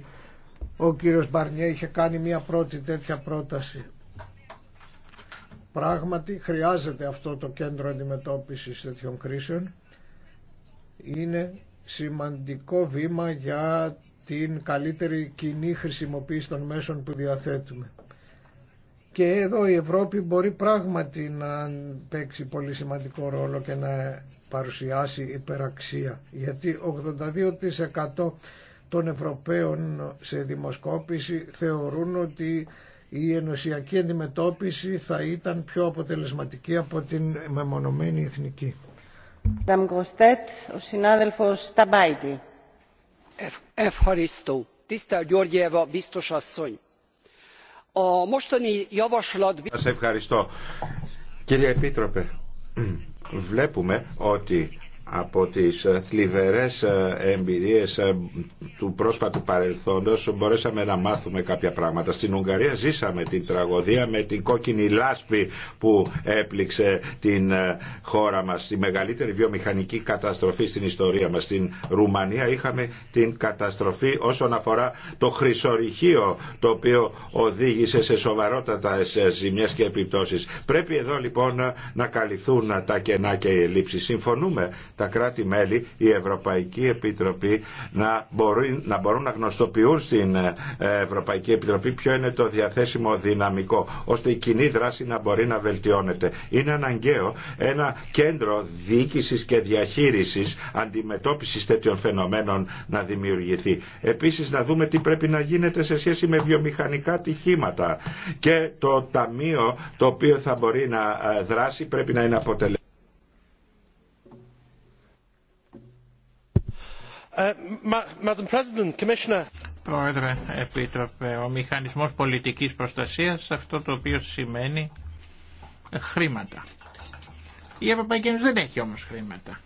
ο κύριος Μπαρνιέ είχε κάνει μια πρώτη τέτοια πρόταση. Πράγματι χρειάζεται αυτό το κέντρο αντιμετώπισης τέτοιων κρίσεων. Είναι σημαντικό βήμα για την καλύτερη κοινή χρησιμοποίηση των μέσων που διαθέτουμε. Και εδώ η Ευρώπη μπορεί πράγματι να παίξει πολύ σημαντικό ρόλο και να παρουσιάσει υπεραξία. Γιατί 82% των Ευρωπαίων σε δημοσκόπηση θεωρούν ότι η ενωσιακή αντιμετώπιση θα ήταν πιο αποτελεσματική από την μεμονωμένη εθνική. Ο συνάδελφος Ταμπάιτη tisztelt ευχαριστώ κύριε επίτροπε. *clears throat* βλέπουμε ότι από τις ε, θλιβερές ε, εμπειρίες ε, του πρόσφατου παρελθόντος μπορέσαμε να μάθουμε κάποια πράγματα. Στην Ουγγαρία ζήσαμε την τραγωδία με την κόκκινη λάσπη που έπληξε την χώρα μας, τη μεγαλύτερη βιομηχανική καταστροφή στην ιστορία μας. Στην Ρουμανία είχαμε την καταστροφή όσον αφορά το χρυσορυχείο το οποίο οδήγησε σε σοβαρότατα ζημιές και επιπτώσεις. Πρέπει εδώ λοιπόν να καλυφθούν τα κενά και οι ελλείψεις. Συμφωνούμε τα κράτη-μέλη, η Ευρωπαϊκή Επιτροπή να μπορούν, να μπορούν να γνωστοποιούν στην ε, Ευρωπαϊκή Επιτροπή ποιο είναι το διαθέσιμο δυναμικό, ώστε η κοινή δράση να μπορεί να βελτιώνεται. Είναι αναγκαίο ένα κέντρο διοίκησης και διαχείρισης αντιμετώπισης τέτοιων φαινομένων να δημιουργηθεί. Επίσης να δούμε τι πρέπει να γίνεται σε σχέση με βιομηχανικά τυχήματα και το ταμείο το οποίο θα μπορεί να ε, δράσει πρέπει να είναι αποτελεσματικό Ε, Πρόεδρε, Επίτροπε, ο μηχανισμός πολιτικής προστασίας αυτό το οποίο σημαίνει χρήματα. Η Ευρωπαϊκή Ένωση δεν έχει όμως χρήματα.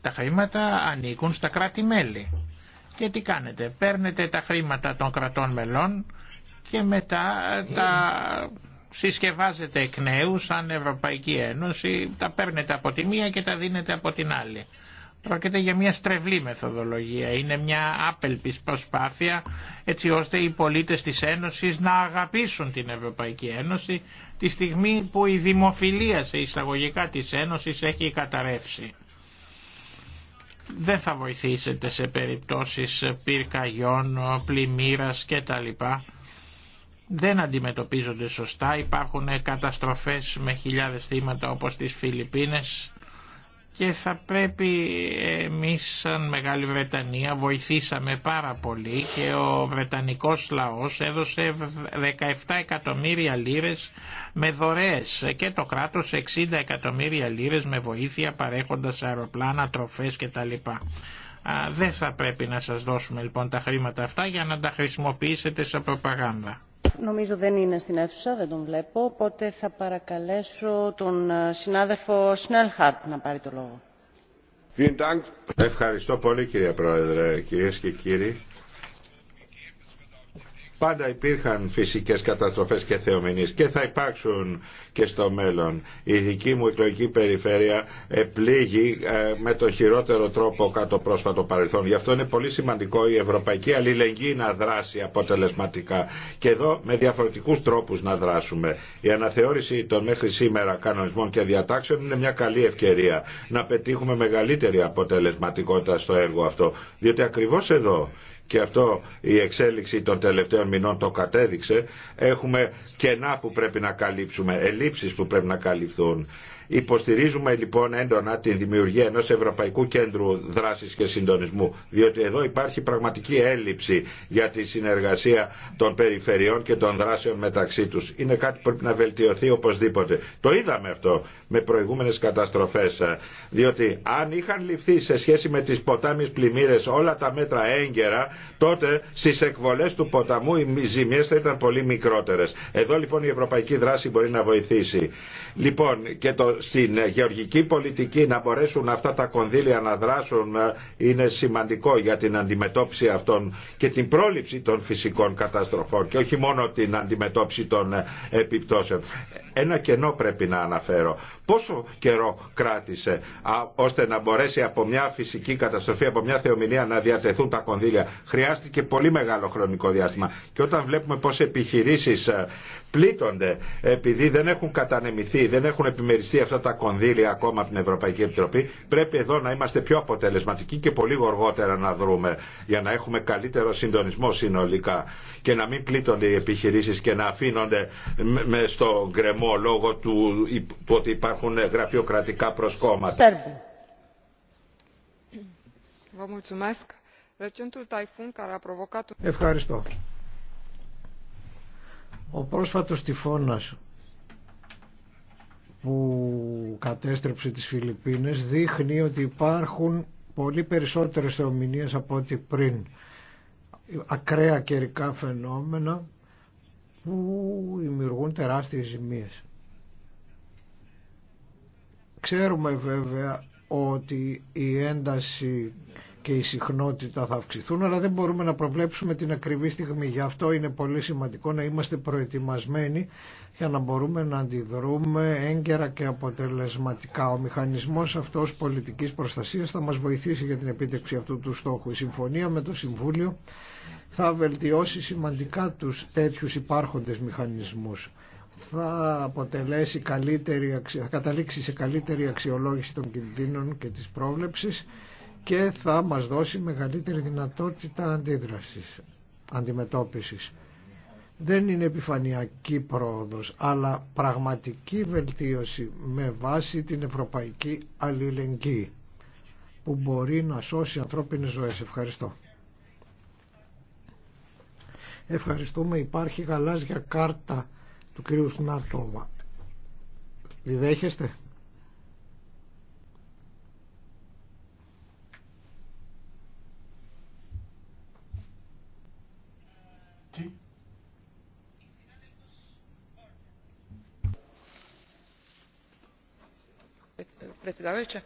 Τα χρήματα ανήκουν στα κράτη-μέλη. Και τι κάνετε, παίρνετε τα χρήματα των κρατών μελών και μετά τα συσκευάζετε εκ νέου σαν Ευρωπαϊκή Ένωση, τα παίρνετε από τη μία και τα δίνετε από την άλλη. Πρόκειται για μια στρεβλή μεθοδολογία. Είναι μια άπελπη προσπάθεια έτσι ώστε οι πολίτες της Ένωσης να αγαπήσουν την Ευρωπαϊκή Ένωση τη στιγμή που η δημοφιλία σε εισαγωγικά της Ένωσης έχει καταρρεύσει. Δεν θα βοηθήσετε σε περιπτώσεις πυρκαγιών, πλημμύρας κτλ. Δεν αντιμετωπίζονται σωστά, υπάρχουν καταστροφές με χιλιάδες θύματα όπως τι Φιλιππίνες και θα πρέπει εμείς σαν Μεγάλη Βρετανία βοηθήσαμε πάρα πολύ και ο Βρετανικός λαός έδωσε 17 εκατομμύρια λίρες με δωρεές και το κράτος 60 εκατομμύρια λίρες με βοήθεια παρέχοντας αεροπλάνα, τροφές κτλ. Δεν θα πρέπει να σας δώσουμε λοιπόν τα χρήματα αυτά για να τα χρησιμοποιήσετε σαν προπαγάνδα νομίζω δεν είναι στην αίθουσα, δεν τον βλέπω, οπότε θα παρακαλέσω τον ε, συνάδελφο Σνέλχαρτ να πάρει το λόγο. Ευχαριστώ πολύ κύριε Πρόεδρε, κυρίες και κύριοι. Πάντα υπήρχαν φυσικές καταστροφές και θεομηνείς και θα υπάρξουν και στο μέλλον. Η δική μου εκλογική περιφέρεια επλήγει ε, με τον χειρότερο τρόπο κάτω πρόσφατο παρελθόν. Γι' αυτό είναι πολύ σημαντικό η ευρωπαϊκή αλληλεγγύη να δράσει αποτελεσματικά και εδώ με διαφορετικούς τρόπους να δράσουμε. Η αναθεώρηση των μέχρι σήμερα κανονισμών και διατάξεων είναι μια καλή ευκαιρία να πετύχουμε μεγαλύτερη αποτελεσματικότητα στο έργο αυτό. Διότι ακριβώς εδώ και αυτό η εξέλιξη των τελευταίων μηνών το κατέδειξε, έχουμε κενά που πρέπει να καλύψουμε, ελλείψεις που πρέπει να καλυφθούν. Υποστηρίζουμε λοιπόν έντονα τη δημιουργία ενό Ευρωπαϊκού Κέντρου δράση και Συντονισμού, διότι εδώ υπάρχει πραγματική έλλειψη για τη συνεργασία των περιφερειών και των δράσεων μεταξύ του. Είναι κάτι που πρέπει να βελτιωθεί οπωσδήποτε. Το είδαμε αυτό με προηγούμενε καταστροφέ, διότι αν είχαν ληφθεί σε σχέση με τι ποτάμιες πλημμύρε όλα τα μέτρα έγκαιρα, τότε στι εκβολέ του ποταμού οι ζημιέ θα ήταν πολύ μικρότερε. Εδώ λοιπόν η ευρωπαϊκή δράση μπορεί να βοηθήσει. Λοιπόν, και το στην ε, γεωργική πολιτική να μπορέσουν αυτά τα κονδύλια να δράσουν ε, είναι σημαντικό για την αντιμετώπιση αυτών και την πρόληψη των φυσικών καταστροφών και όχι μόνο την αντιμετώπιση των ε, επιπτώσεων. Ένα κενό πρέπει να αναφέρω. Πόσο καιρό κράτησε ώστε να μπορέσει από μια φυσική καταστροφή, από μια θεομηνία να διατεθούν τα κονδύλια. Χρειάστηκε πολύ μεγάλο χρονικό διάστημα. Και όταν βλέπουμε πώς επιχειρήσεις πλήττονται επειδή δεν έχουν κατανεμηθεί, δεν έχουν επιμεριστεί αυτά τα κονδύλια ακόμα από την Ευρωπαϊκή Επιτροπή. Πρέπει εδώ να είμαστε πιο αποτελεσματικοί και πολύ γοργότερα να δρούμε για να έχουμε καλύτερο συντονισμό συνολικά και να μην πλήττονται οι επιχειρήσει και να αφήνονται με στο γκρεμό λόγω του, του ότι υπάρχουν γραφειοκρατικά προσκόμματα. Ευχαριστώ. Ο πρόσφατος τυφώνας που κατέστρεψε τις Φιλιππίνες δείχνει ότι υπάρχουν πολύ περισσότερες θεομηνίες από ό,τι πριν. Ακραία καιρικά φαινόμενα που δημιουργούν τεράστιες ζημίες. Ξέρουμε βέβαια ότι η ένταση και η συχνότητα θα αυξηθούν, αλλά δεν μπορούμε να προβλέψουμε την ακριβή στιγμή. Γι' αυτό είναι πολύ σημαντικό να είμαστε προετοιμασμένοι για να μπορούμε να αντιδρούμε έγκαιρα και αποτελεσματικά. Ο μηχανισμός αυτός πολιτικής προστασίας θα μας βοηθήσει για την επίτευξη αυτού του στόχου. Η συμφωνία με το Συμβούλιο θα βελτιώσει σημαντικά τους τέτοιους υπάρχοντες μηχανισμούς θα αποτελέσει καλύτερη, θα καταλήξει σε καλύτερη αξιολόγηση των κινδύνων και της πρόβλεψης και θα μας δώσει μεγαλύτερη δυνατότητα αντίδρασης, αντιμετώπισης. Δεν είναι επιφανειακή πρόοδος, αλλά πραγματική βελτίωση με βάση την ευρωπαϊκή αλληλεγγύη που μπορεί να σώσει ανθρώπινες ζωές. Ευχαριστώ. Ευχαριστούμε. Υπάρχει γαλάζια κάρτα του κ. Σνάρτομα. Διδέχεστε. E,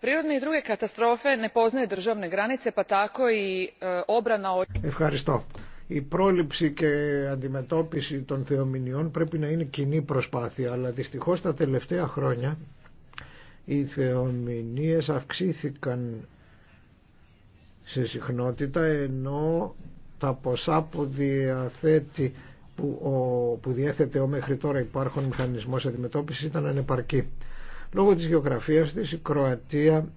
prirodne i druge katastrofe ne poznaju granice pa tako e, obrana od... Ευχαριστώ. Η πρόληψη και αντιμετώπιση των θεομηνιών πρέπει να είναι κοινή προσπάθεια, αλλά δυστυχώς τα τελευταία χρόνια οι θεομηνίες αυξήθηκαν σε συχνότητα ενώ τα ποσά που διαθέτει που, ο, διέθετε ο μέχρι τώρα υπάρχον μηχανισμός αντιμετώπισης ήταν ανεπαρκή. Λόγω της γεωγραφίας της η Κροατία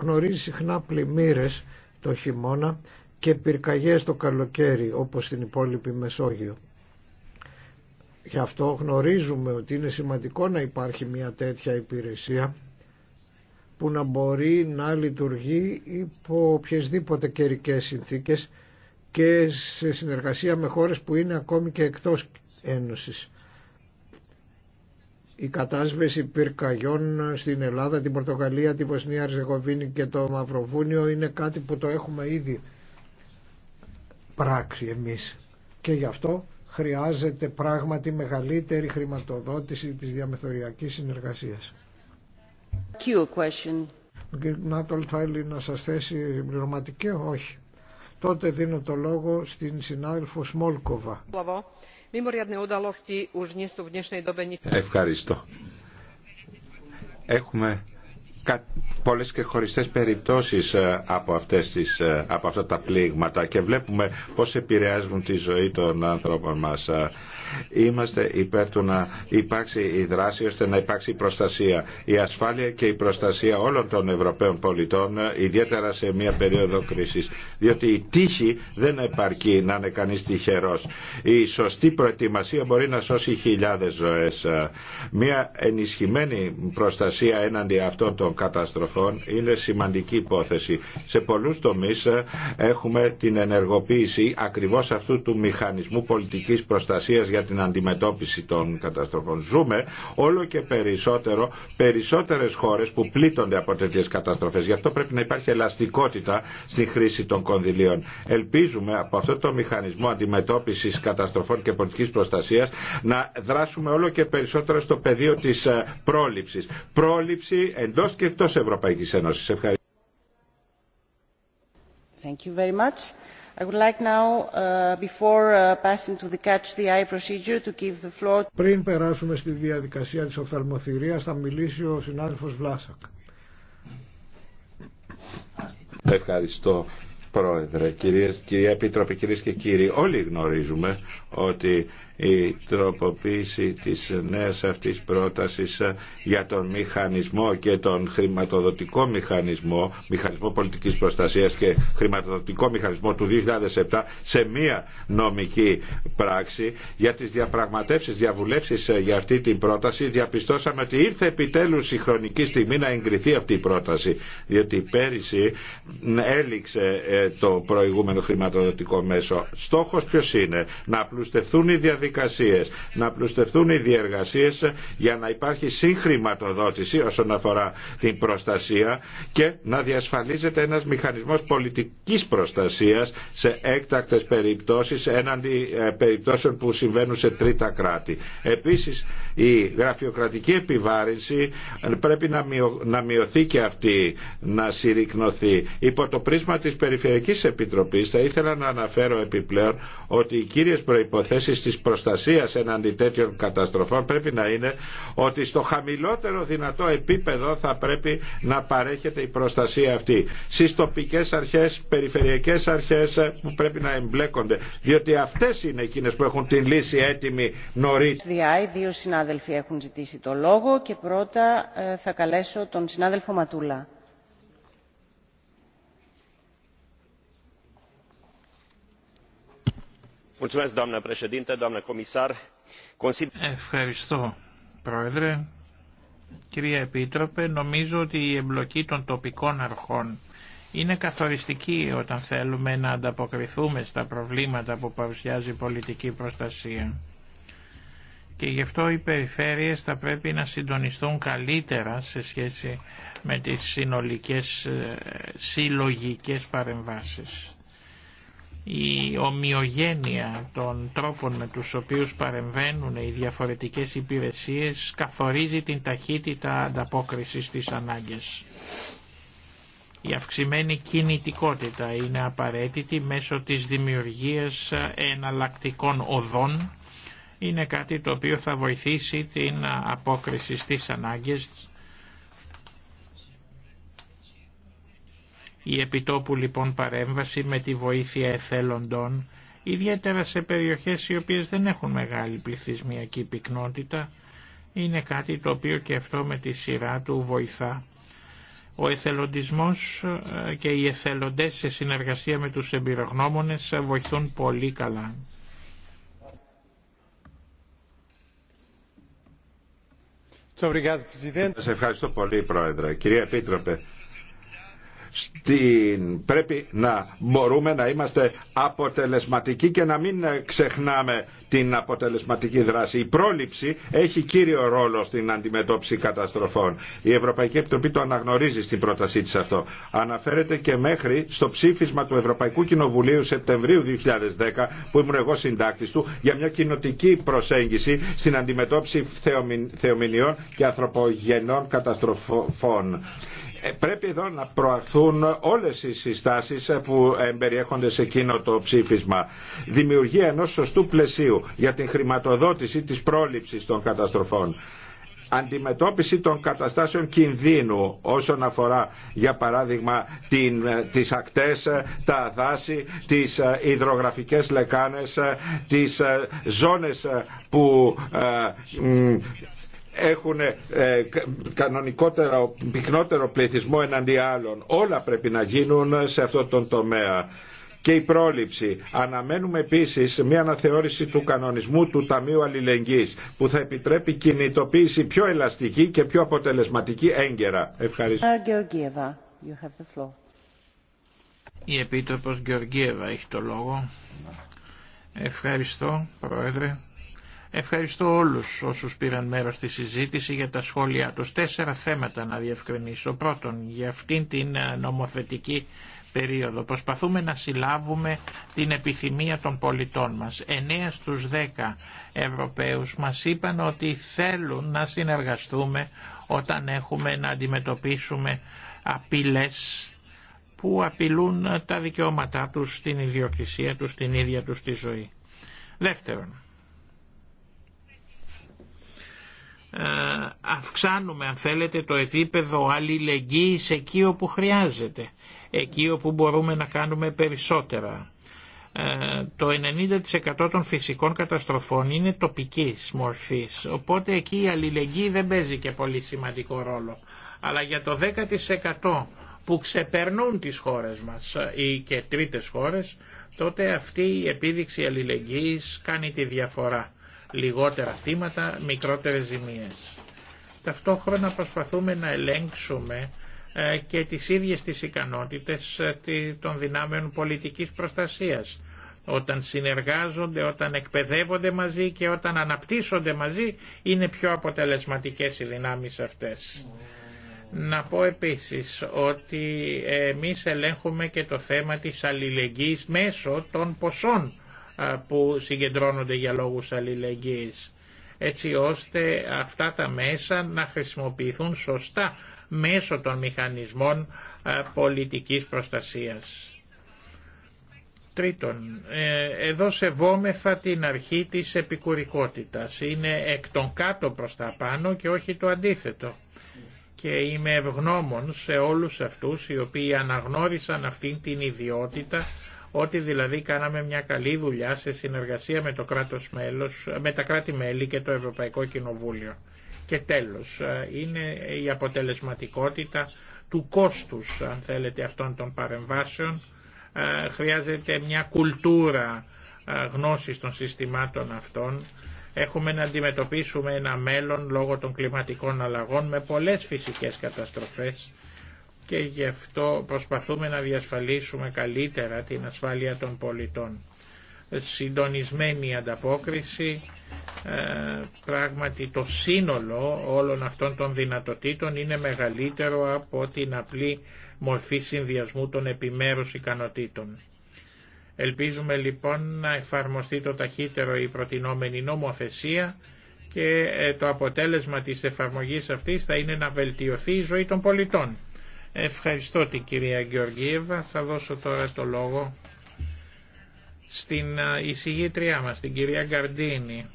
γνωρίζει συχνά πλημμύρες το χειμώνα και πυρκαγιές το καλοκαίρι όπως στην υπόλοιπη Μεσόγειο. Γι' αυτό γνωρίζουμε ότι είναι σημαντικό να υπάρχει μια τέτοια υπηρεσία που να μπορεί να λειτουργεί υπό οποιασδήποτε καιρικέ συνθήκες και σε συνεργασία με χώρες που είναι ακόμη και εκτός Ένωσης η κατάσβεση πυρκαγιών στην Ελλάδα, την Πορτογαλία, την Βοσνία, Ριζεγοβίνη και το Μαυροβούνιο είναι κάτι που το έχουμε ήδη πράξει εμείς. Και γι' αυτό χρειάζεται πράγματι μεγαλύτερη χρηματοδότηση της διαμεθοριακής συνεργασίας. Ο Νάτολ θέλει να σας θέσει πληρωματική, όχι. Τότε δίνω το λόγο στην συνάδελφο Σμόλκοβα. Ευχαριστώ. Έχουμε πολλές και χωριστές περιπτώσεις ε, από, αυτές τις, ε, από αυτά τα πλήγματα και βλέπουμε πώς επηρεάζουν τη ζωή των άνθρωπων μας. Ε, Είμαστε υπέρ του να υπάρξει η δράση ώστε να υπάρξει η προστασία. Η ασφάλεια και η προστασία όλων των Ευρωπαίων πολιτών, ιδιαίτερα σε μια περίοδο κρίση. Διότι η τύχη δεν επαρκεί να είναι κανεί τυχερό. Η σωστή προετοιμασία μπορεί να σώσει χιλιάδε ζωέ. Μια ενισχυμένη προστασία έναντι αυτών των καταστροφών είναι σημαντική υπόθεση. Σε πολλού τομεί έχουμε την ενεργοποίηση ακριβώ αυτού του μηχανισμού πολιτική προστασία την αντιμετώπιση των καταστροφών. Ζούμε όλο και περισσότερο περισσότερες χώρες που πλήττονται από τέτοιες καταστροφές. Γι' αυτό πρέπει να υπάρχει ελαστικότητα στη χρήση των κονδυλίων. Ελπίζουμε από αυτό το μηχανισμό αντιμετώπισης καταστροφών και πολιτική προστασίας να δράσουμε όλο και περισσότερο στο πεδίο τη ε, πρόληψη. Πρόληψη εντό και εκτός Ευρωπαϊκή Ένωση. Ευχαριστώ. Thank you very much. Πριν περάσουμε στη διαδικασία της οφθαλμοθυρίας θα μιλήσει ο συνάδελφος Βλάσακ. Ευχαριστώ Πρόεδρε, κυρίες, κυρία Επίτροπη, κυρίες και κύριοι. Όλοι γνωρίζουμε ότι η τροποποίηση της νέας αυτής πρότασης για τον μηχανισμό και τον χρηματοδοτικό μηχανισμό, μηχανισμό πολιτικής προστασίας και χρηματοδοτικό μηχανισμό του 2007 σε μία νομική πράξη για τις διαπραγματεύσεις, διαβουλεύσεις για αυτή την πρόταση διαπιστώσαμε ότι ήρθε επιτέλους η χρονική στιγμή να εγκριθεί αυτή η πρόταση διότι πέρυσι έληξε ε, το προηγούμενο χρηματοδοτικό μέσο. Στόχος ποιος είναι να απλουστευτούν διαδικασίες, να πλουστευτούν οι διεργασίες για να υπάρχει συγχρηματοδότηση όσον αφορά την προστασία και να διασφαλίζεται ένας μηχανισμός πολιτικής προστασίας σε έκτακτες περιπτώσεις έναντι ε, περιπτώσεων που συμβαίνουν σε τρίτα κράτη. Επίσης η γραφειοκρατική επιβάρυνση πρέπει να μειωθεί και αυτή, να συρρυκνωθεί. Υπό το πρίσμα της Περιφερειακής Επιτροπής θα ήθελα να αναφέρω επιπλέον ότι οι κύριες προϋποθέσεις της Προστασία εναντί τέτοιων καταστροφών πρέπει να είναι ότι στο χαμηλότερο δυνατό επίπεδο θα πρέπει να παρέχεται η προστασία αυτή. Στι τοπικέ αρχές, περιφερειακές αρχές που πρέπει να εμπλέκονται. Διότι αυτές είναι εκείνες που έχουν την λύση έτοιμη νωρίτερα. Δύο συνάδελφοι έχουν ζητήσει το λόγο και πρώτα ε, θα καλέσω τον συνάδελφο Ματούλα. Ευχαριστώ, Πρόεδρε. Κυρία Επίτροπε, νομίζω ότι η εμπλοκή των τοπικών αρχών είναι καθοριστική όταν θέλουμε να ανταποκριθούμε στα προβλήματα που παρουσιάζει η πολιτική προστασία. Και γι' αυτό οι περιφέρειες θα πρέπει να συντονιστούν καλύτερα σε σχέση με τις συνολικές ε, συλλογικές παρεμβάσεις η ομοιογένεια των τρόπων με τους οποίους παρεμβαίνουν οι διαφορετικές υπηρεσίες καθορίζει την ταχύτητα ανταπόκρισης στις ανάγκες. Η αυξημένη κινητικότητα είναι απαραίτητη μέσω της δημιουργίας εναλλακτικών οδών. Είναι κάτι το οποίο θα βοηθήσει την απόκριση στις ανάγκες Η επιτόπου λοιπόν παρέμβαση με τη βοήθεια εθέλοντων, ιδιαίτερα σε περιοχές οι οποίες δεν έχουν μεγάλη πληθυσμιακή πυκνότητα, είναι κάτι το οποίο και αυτό με τη σειρά του βοηθά. Ο εθελοντισμός ε, και οι εθελοντές σε συνεργασία με τους εμπειρογνώμονες βοηθούν πολύ καλά. Σας ευχαριστώ πολύ Πρόεδρε. Κυρία Επίτροπε, στην... πρέπει να μπορούμε να είμαστε αποτελεσματικοί και να μην ξεχνάμε την αποτελεσματική δράση. Η πρόληψη έχει κύριο ρόλο στην αντιμετώπιση καταστροφών. Η Ευρωπαϊκή Επιτροπή το αναγνωρίζει στην πρότασή της αυτό. Αναφέρεται και μέχρι στο ψήφισμα του Ευρωπαϊκού Κοινοβουλίου Σεπτεμβρίου 2010 που ήμουν εγώ συντάκτης του για μια κοινοτική προσέγγιση στην αντιμετώπιση θεομηνιών και ανθρωπογενών καταστροφών. Ε, πρέπει εδώ να προαρθούν όλες οι συστάσεις που περιέχονται σε εκείνο το ψήφισμα. Δημιουργία ενός σωστού πλαισίου για την χρηματοδότηση της πρόληψης των καταστροφών αντιμετώπιση των καταστάσεων κινδύνου όσον αφορά για παράδειγμα την, τις ακτές, τα δάση, τις ε, υδρογραφικές λεκάνες, ε, τις ζώνες που έχουν ε, κανονικότερο, πυκνότερο πληθυσμό εναντί άλλων. Όλα πρέπει να γίνουν σε αυτόν τον τομέα και η πρόληψη. Αναμένουμε επίσης μια αναθεώρηση του κανονισμού του Ταμείου Αλληλεγγύης που θα επιτρέπει κινητοποίηση πιο ελαστική και πιο αποτελεσματική έγκαιρα. Ευχαριστώ. Η Επίτροπος Γεωργίεβα έχει το λόγο. Ευχαριστώ Πρόεδρε. Ευχαριστώ όλους όσους πήραν μέρος στη συζήτηση για τα σχόλια τους. Τέσσερα θέματα να διευκρινίσω. Πρώτον, για αυτήν την ε, νομοθετική περίοδο προσπαθούμε να συλλάβουμε την επιθυμία των πολιτών μας. 9 στους 10 Ευρωπαίους μας είπαν ότι θέλουν να συνεργαστούμε όταν έχουμε να αντιμετωπίσουμε απειλές που απειλούν τα δικαιώματά τους στην ιδιοκτησία τους, την ίδια τους τη ζωή. Δεύτερον, Ε, αυξάνουμε αν θέλετε το επίπεδο αλληλεγγύης εκεί όπου χρειάζεται, εκεί όπου μπορούμε να κάνουμε περισσότερα. Ε, το 90% των φυσικών καταστροφών είναι τοπικής μορφής, οπότε εκεί η αλληλεγγύη δεν παίζει και πολύ σημαντικό ρόλο. Αλλά για το 10% που ξεπερνούν τις χώρες μας ε, ή και τρίτες χώρες, τότε αυτή η επίδειξη αλληλεγγύης κάνει τη διαφορά λιγότερα θύματα, μικρότερες ζημίες. Ταυτόχρονα προσπαθούμε να ελέγξουμε ε, και τις ίδιες τις ικανότητες ε, των δυνάμεων πολιτικής προστασίας. Όταν συνεργάζονται, όταν εκπαιδεύονται μαζί και όταν αναπτύσσονται μαζί είναι πιο αποτελεσματικές οι δυνάμεις αυτές. Να πω επίσης ότι εμείς ελέγχουμε και το θέμα της αλληλεγγύης μέσω των ποσών που συγκεντρώνονται για λόγους αλληλεγγύης έτσι ώστε αυτά τα μέσα να χρησιμοποιηθούν σωστά μέσω των μηχανισμών πολιτικής προστασίας. Τρίτον, ε, εδώ σεβόμεθα την αρχή της επικουρικότητας. Είναι εκ των κάτω προς τα πάνω και όχι το αντίθετο. Και είμαι ευγνώμων σε όλους αυτούς οι οποίοι αναγνώρισαν αυτήν την ιδιότητα ότι δηλαδή κάναμε μια καλή δουλειά σε συνεργασία με, το κράτος μέλος, με τα κράτη-μέλη και το Ευρωπαϊκό Κοινοβούλιο. Και τέλος, ε, είναι η αποτελεσματικότητα του κόστους, αν θέλετε, αυτών των παρεμβάσεων. Ε, χρειάζεται μια κουλτούρα ε, γνώσης των συστημάτων αυτών. Έχουμε να αντιμετωπίσουμε ένα μέλλον λόγω των κλιματικών αλλαγών με πολλές φυσικές καταστροφές και γι' αυτό προσπαθούμε να διασφαλίσουμε καλύτερα την ασφάλεια των πολιτών. Συντονισμένη ανταπόκριση, ε, πράγματι το σύνολο όλων αυτών των δυνατοτήτων είναι μεγαλύτερο από την απλή μορφή συνδυασμού των επιμέρους ικανοτήτων. Ελπίζουμε λοιπόν να εφαρμοστεί το ταχύτερο η προτινόμενη νομοθεσία και ε, το αποτέλεσμα της εφαρμογής αυτής θα είναι να βελτιωθεί η ζωή των πολιτών. Ευχαριστώ την κυρία Γεωργίευα. Θα δώσω τώρα το λόγο στην εισηγήτριά μας, την κυρία Γκαρντίνη.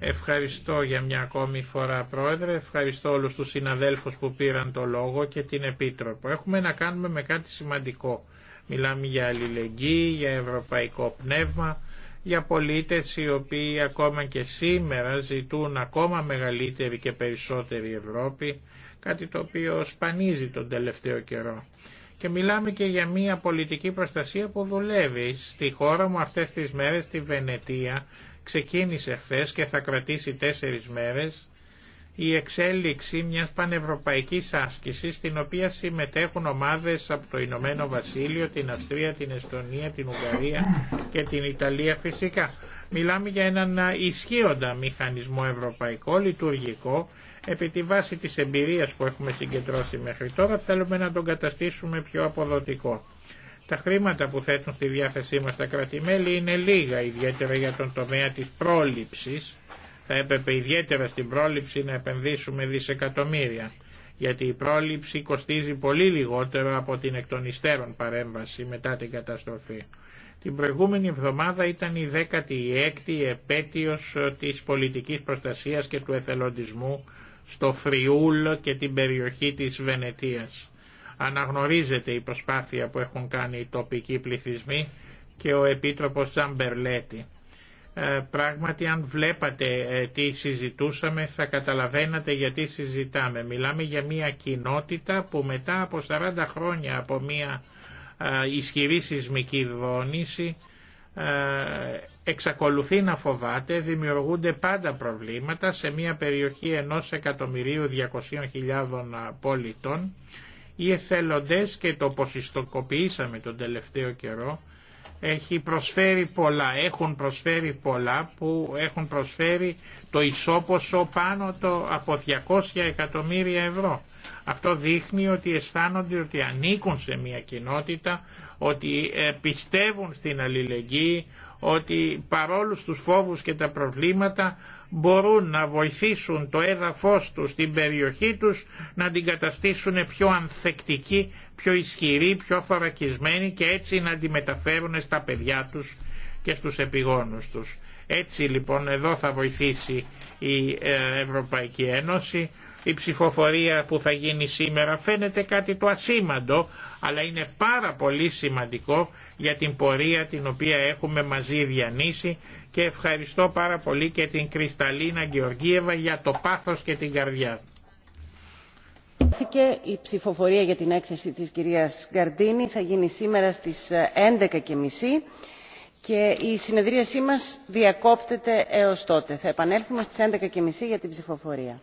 Ευχαριστώ για μια ακόμη φορά πρόεδρε, ευχαριστώ όλους τους συναδέλφους που πήραν το λόγο και την Επίτροπο. Έχουμε να κάνουμε με κάτι σημαντικό. Μιλάμε για αλληλεγγύη, για ευρωπαϊκό πνεύμα, για πολίτες οι οποίοι ακόμα και σήμερα ζητούν ακόμα μεγαλύτερη και περισσότερη Ευρώπη κάτι το οποίο σπανίζει τον τελευταίο καιρό. Και μιλάμε και για μια πολιτική προστασία που δουλεύει. Στη χώρα μου αυτές τις μέρες, στη Βενετία, ξεκίνησε χθε και θα κρατήσει τέσσερις μέρες η εξέλιξη μιας πανευρωπαϊκής άσκησης στην οποία συμμετέχουν ομάδες από το Ηνωμένο Βασίλειο, την Αυστρία, την Εστονία, την Ουγγαρία και την Ιταλία φυσικά. Μιλάμε για έναν ισχύοντα μηχανισμό ευρωπαϊκό, λειτουργικό Επί τη βάση της εμπειρίας που έχουμε συγκεντρώσει μέχρι τώρα θέλουμε να τον καταστήσουμε πιο αποδοτικό. Τα χρήματα που θέτουν στη διάθεσή μας τα κρατημέλη είναι λίγα, ιδιαίτερα για τον τομέα της πρόληψης. Θα έπρεπε ιδιαίτερα στην πρόληψη να επενδύσουμε δισεκατομμύρια, γιατί η πρόληψη κοστίζει πολύ λιγότερο από την εκ των υστέρων παρέμβαση μετά την καταστροφή. Την προηγούμενη εβδομάδα ήταν η 16η επέτειος ε, της πολιτικής προστασίας και του εθελοντισμού στο Φριούλ και την περιοχή της Βενετίας. Αναγνωρίζεται η προσπάθεια που έχουν κάνει οι τοπικοί πληθυσμοί και ο Επίτροπος Τζαμπερλέτη. Ε, πράγματι αν βλέπατε ε, τι συζητούσαμε θα καταλαβαίνατε γιατί συζητάμε. Μιλάμε για μια κοινότητα που μετά από 40 χρόνια από μια ε, ισχυρή σεισμική δόνηση εξακολουθεί να φοβάται, δημιουργούνται πάντα προβλήματα σε μια περιοχή ενός εκατομμυρίου 200.000 πολιτών. Οι εθελοντές και το ποσιστοκοποιήσαμε τον τελευταίο καιρό έχει προσφέρει πολλά, έχουν προσφέρει πολλά που έχουν προσφέρει το ισόποσο πάνω το από 200 εκατομμύρια ευρώ. Αυτό δείχνει ότι αισθάνονται ότι ανήκουν σε μια κοινότητα, ότι ε, πιστεύουν στην αλληλεγγύη, ότι παρόλους τους φόβους και τα προβλήματα μπορούν να βοηθήσουν το έδαφος τους, στην περιοχή τους, να την καταστήσουν πιο ανθεκτική, πιο ισχυρή, πιο θωρακισμένη και έτσι να τη μεταφέρουν στα παιδιά τους και στους επιγόνους τους. Έτσι λοιπόν εδώ θα βοηθήσει η ε, Ευρωπαϊκή Ένωση η ψηφοφορία που θα γίνει σήμερα φαίνεται κάτι το ασήμαντο, αλλά είναι πάρα πολύ σημαντικό για την πορεία την οποία έχουμε μαζί διανύσει και ευχαριστώ πάρα πολύ και την Κρυσταλίνα Γεωργίευα για το πάθος και την καρδιά. Η ψηφοφορία για την έκθεση της κυρίας Γκαρντίνη θα γίνει σήμερα στις 11.30 και η συνεδρίασή μας διακόπτεται έως τότε. Θα επανέλθουμε στις 11.30 για την ψηφοφορία.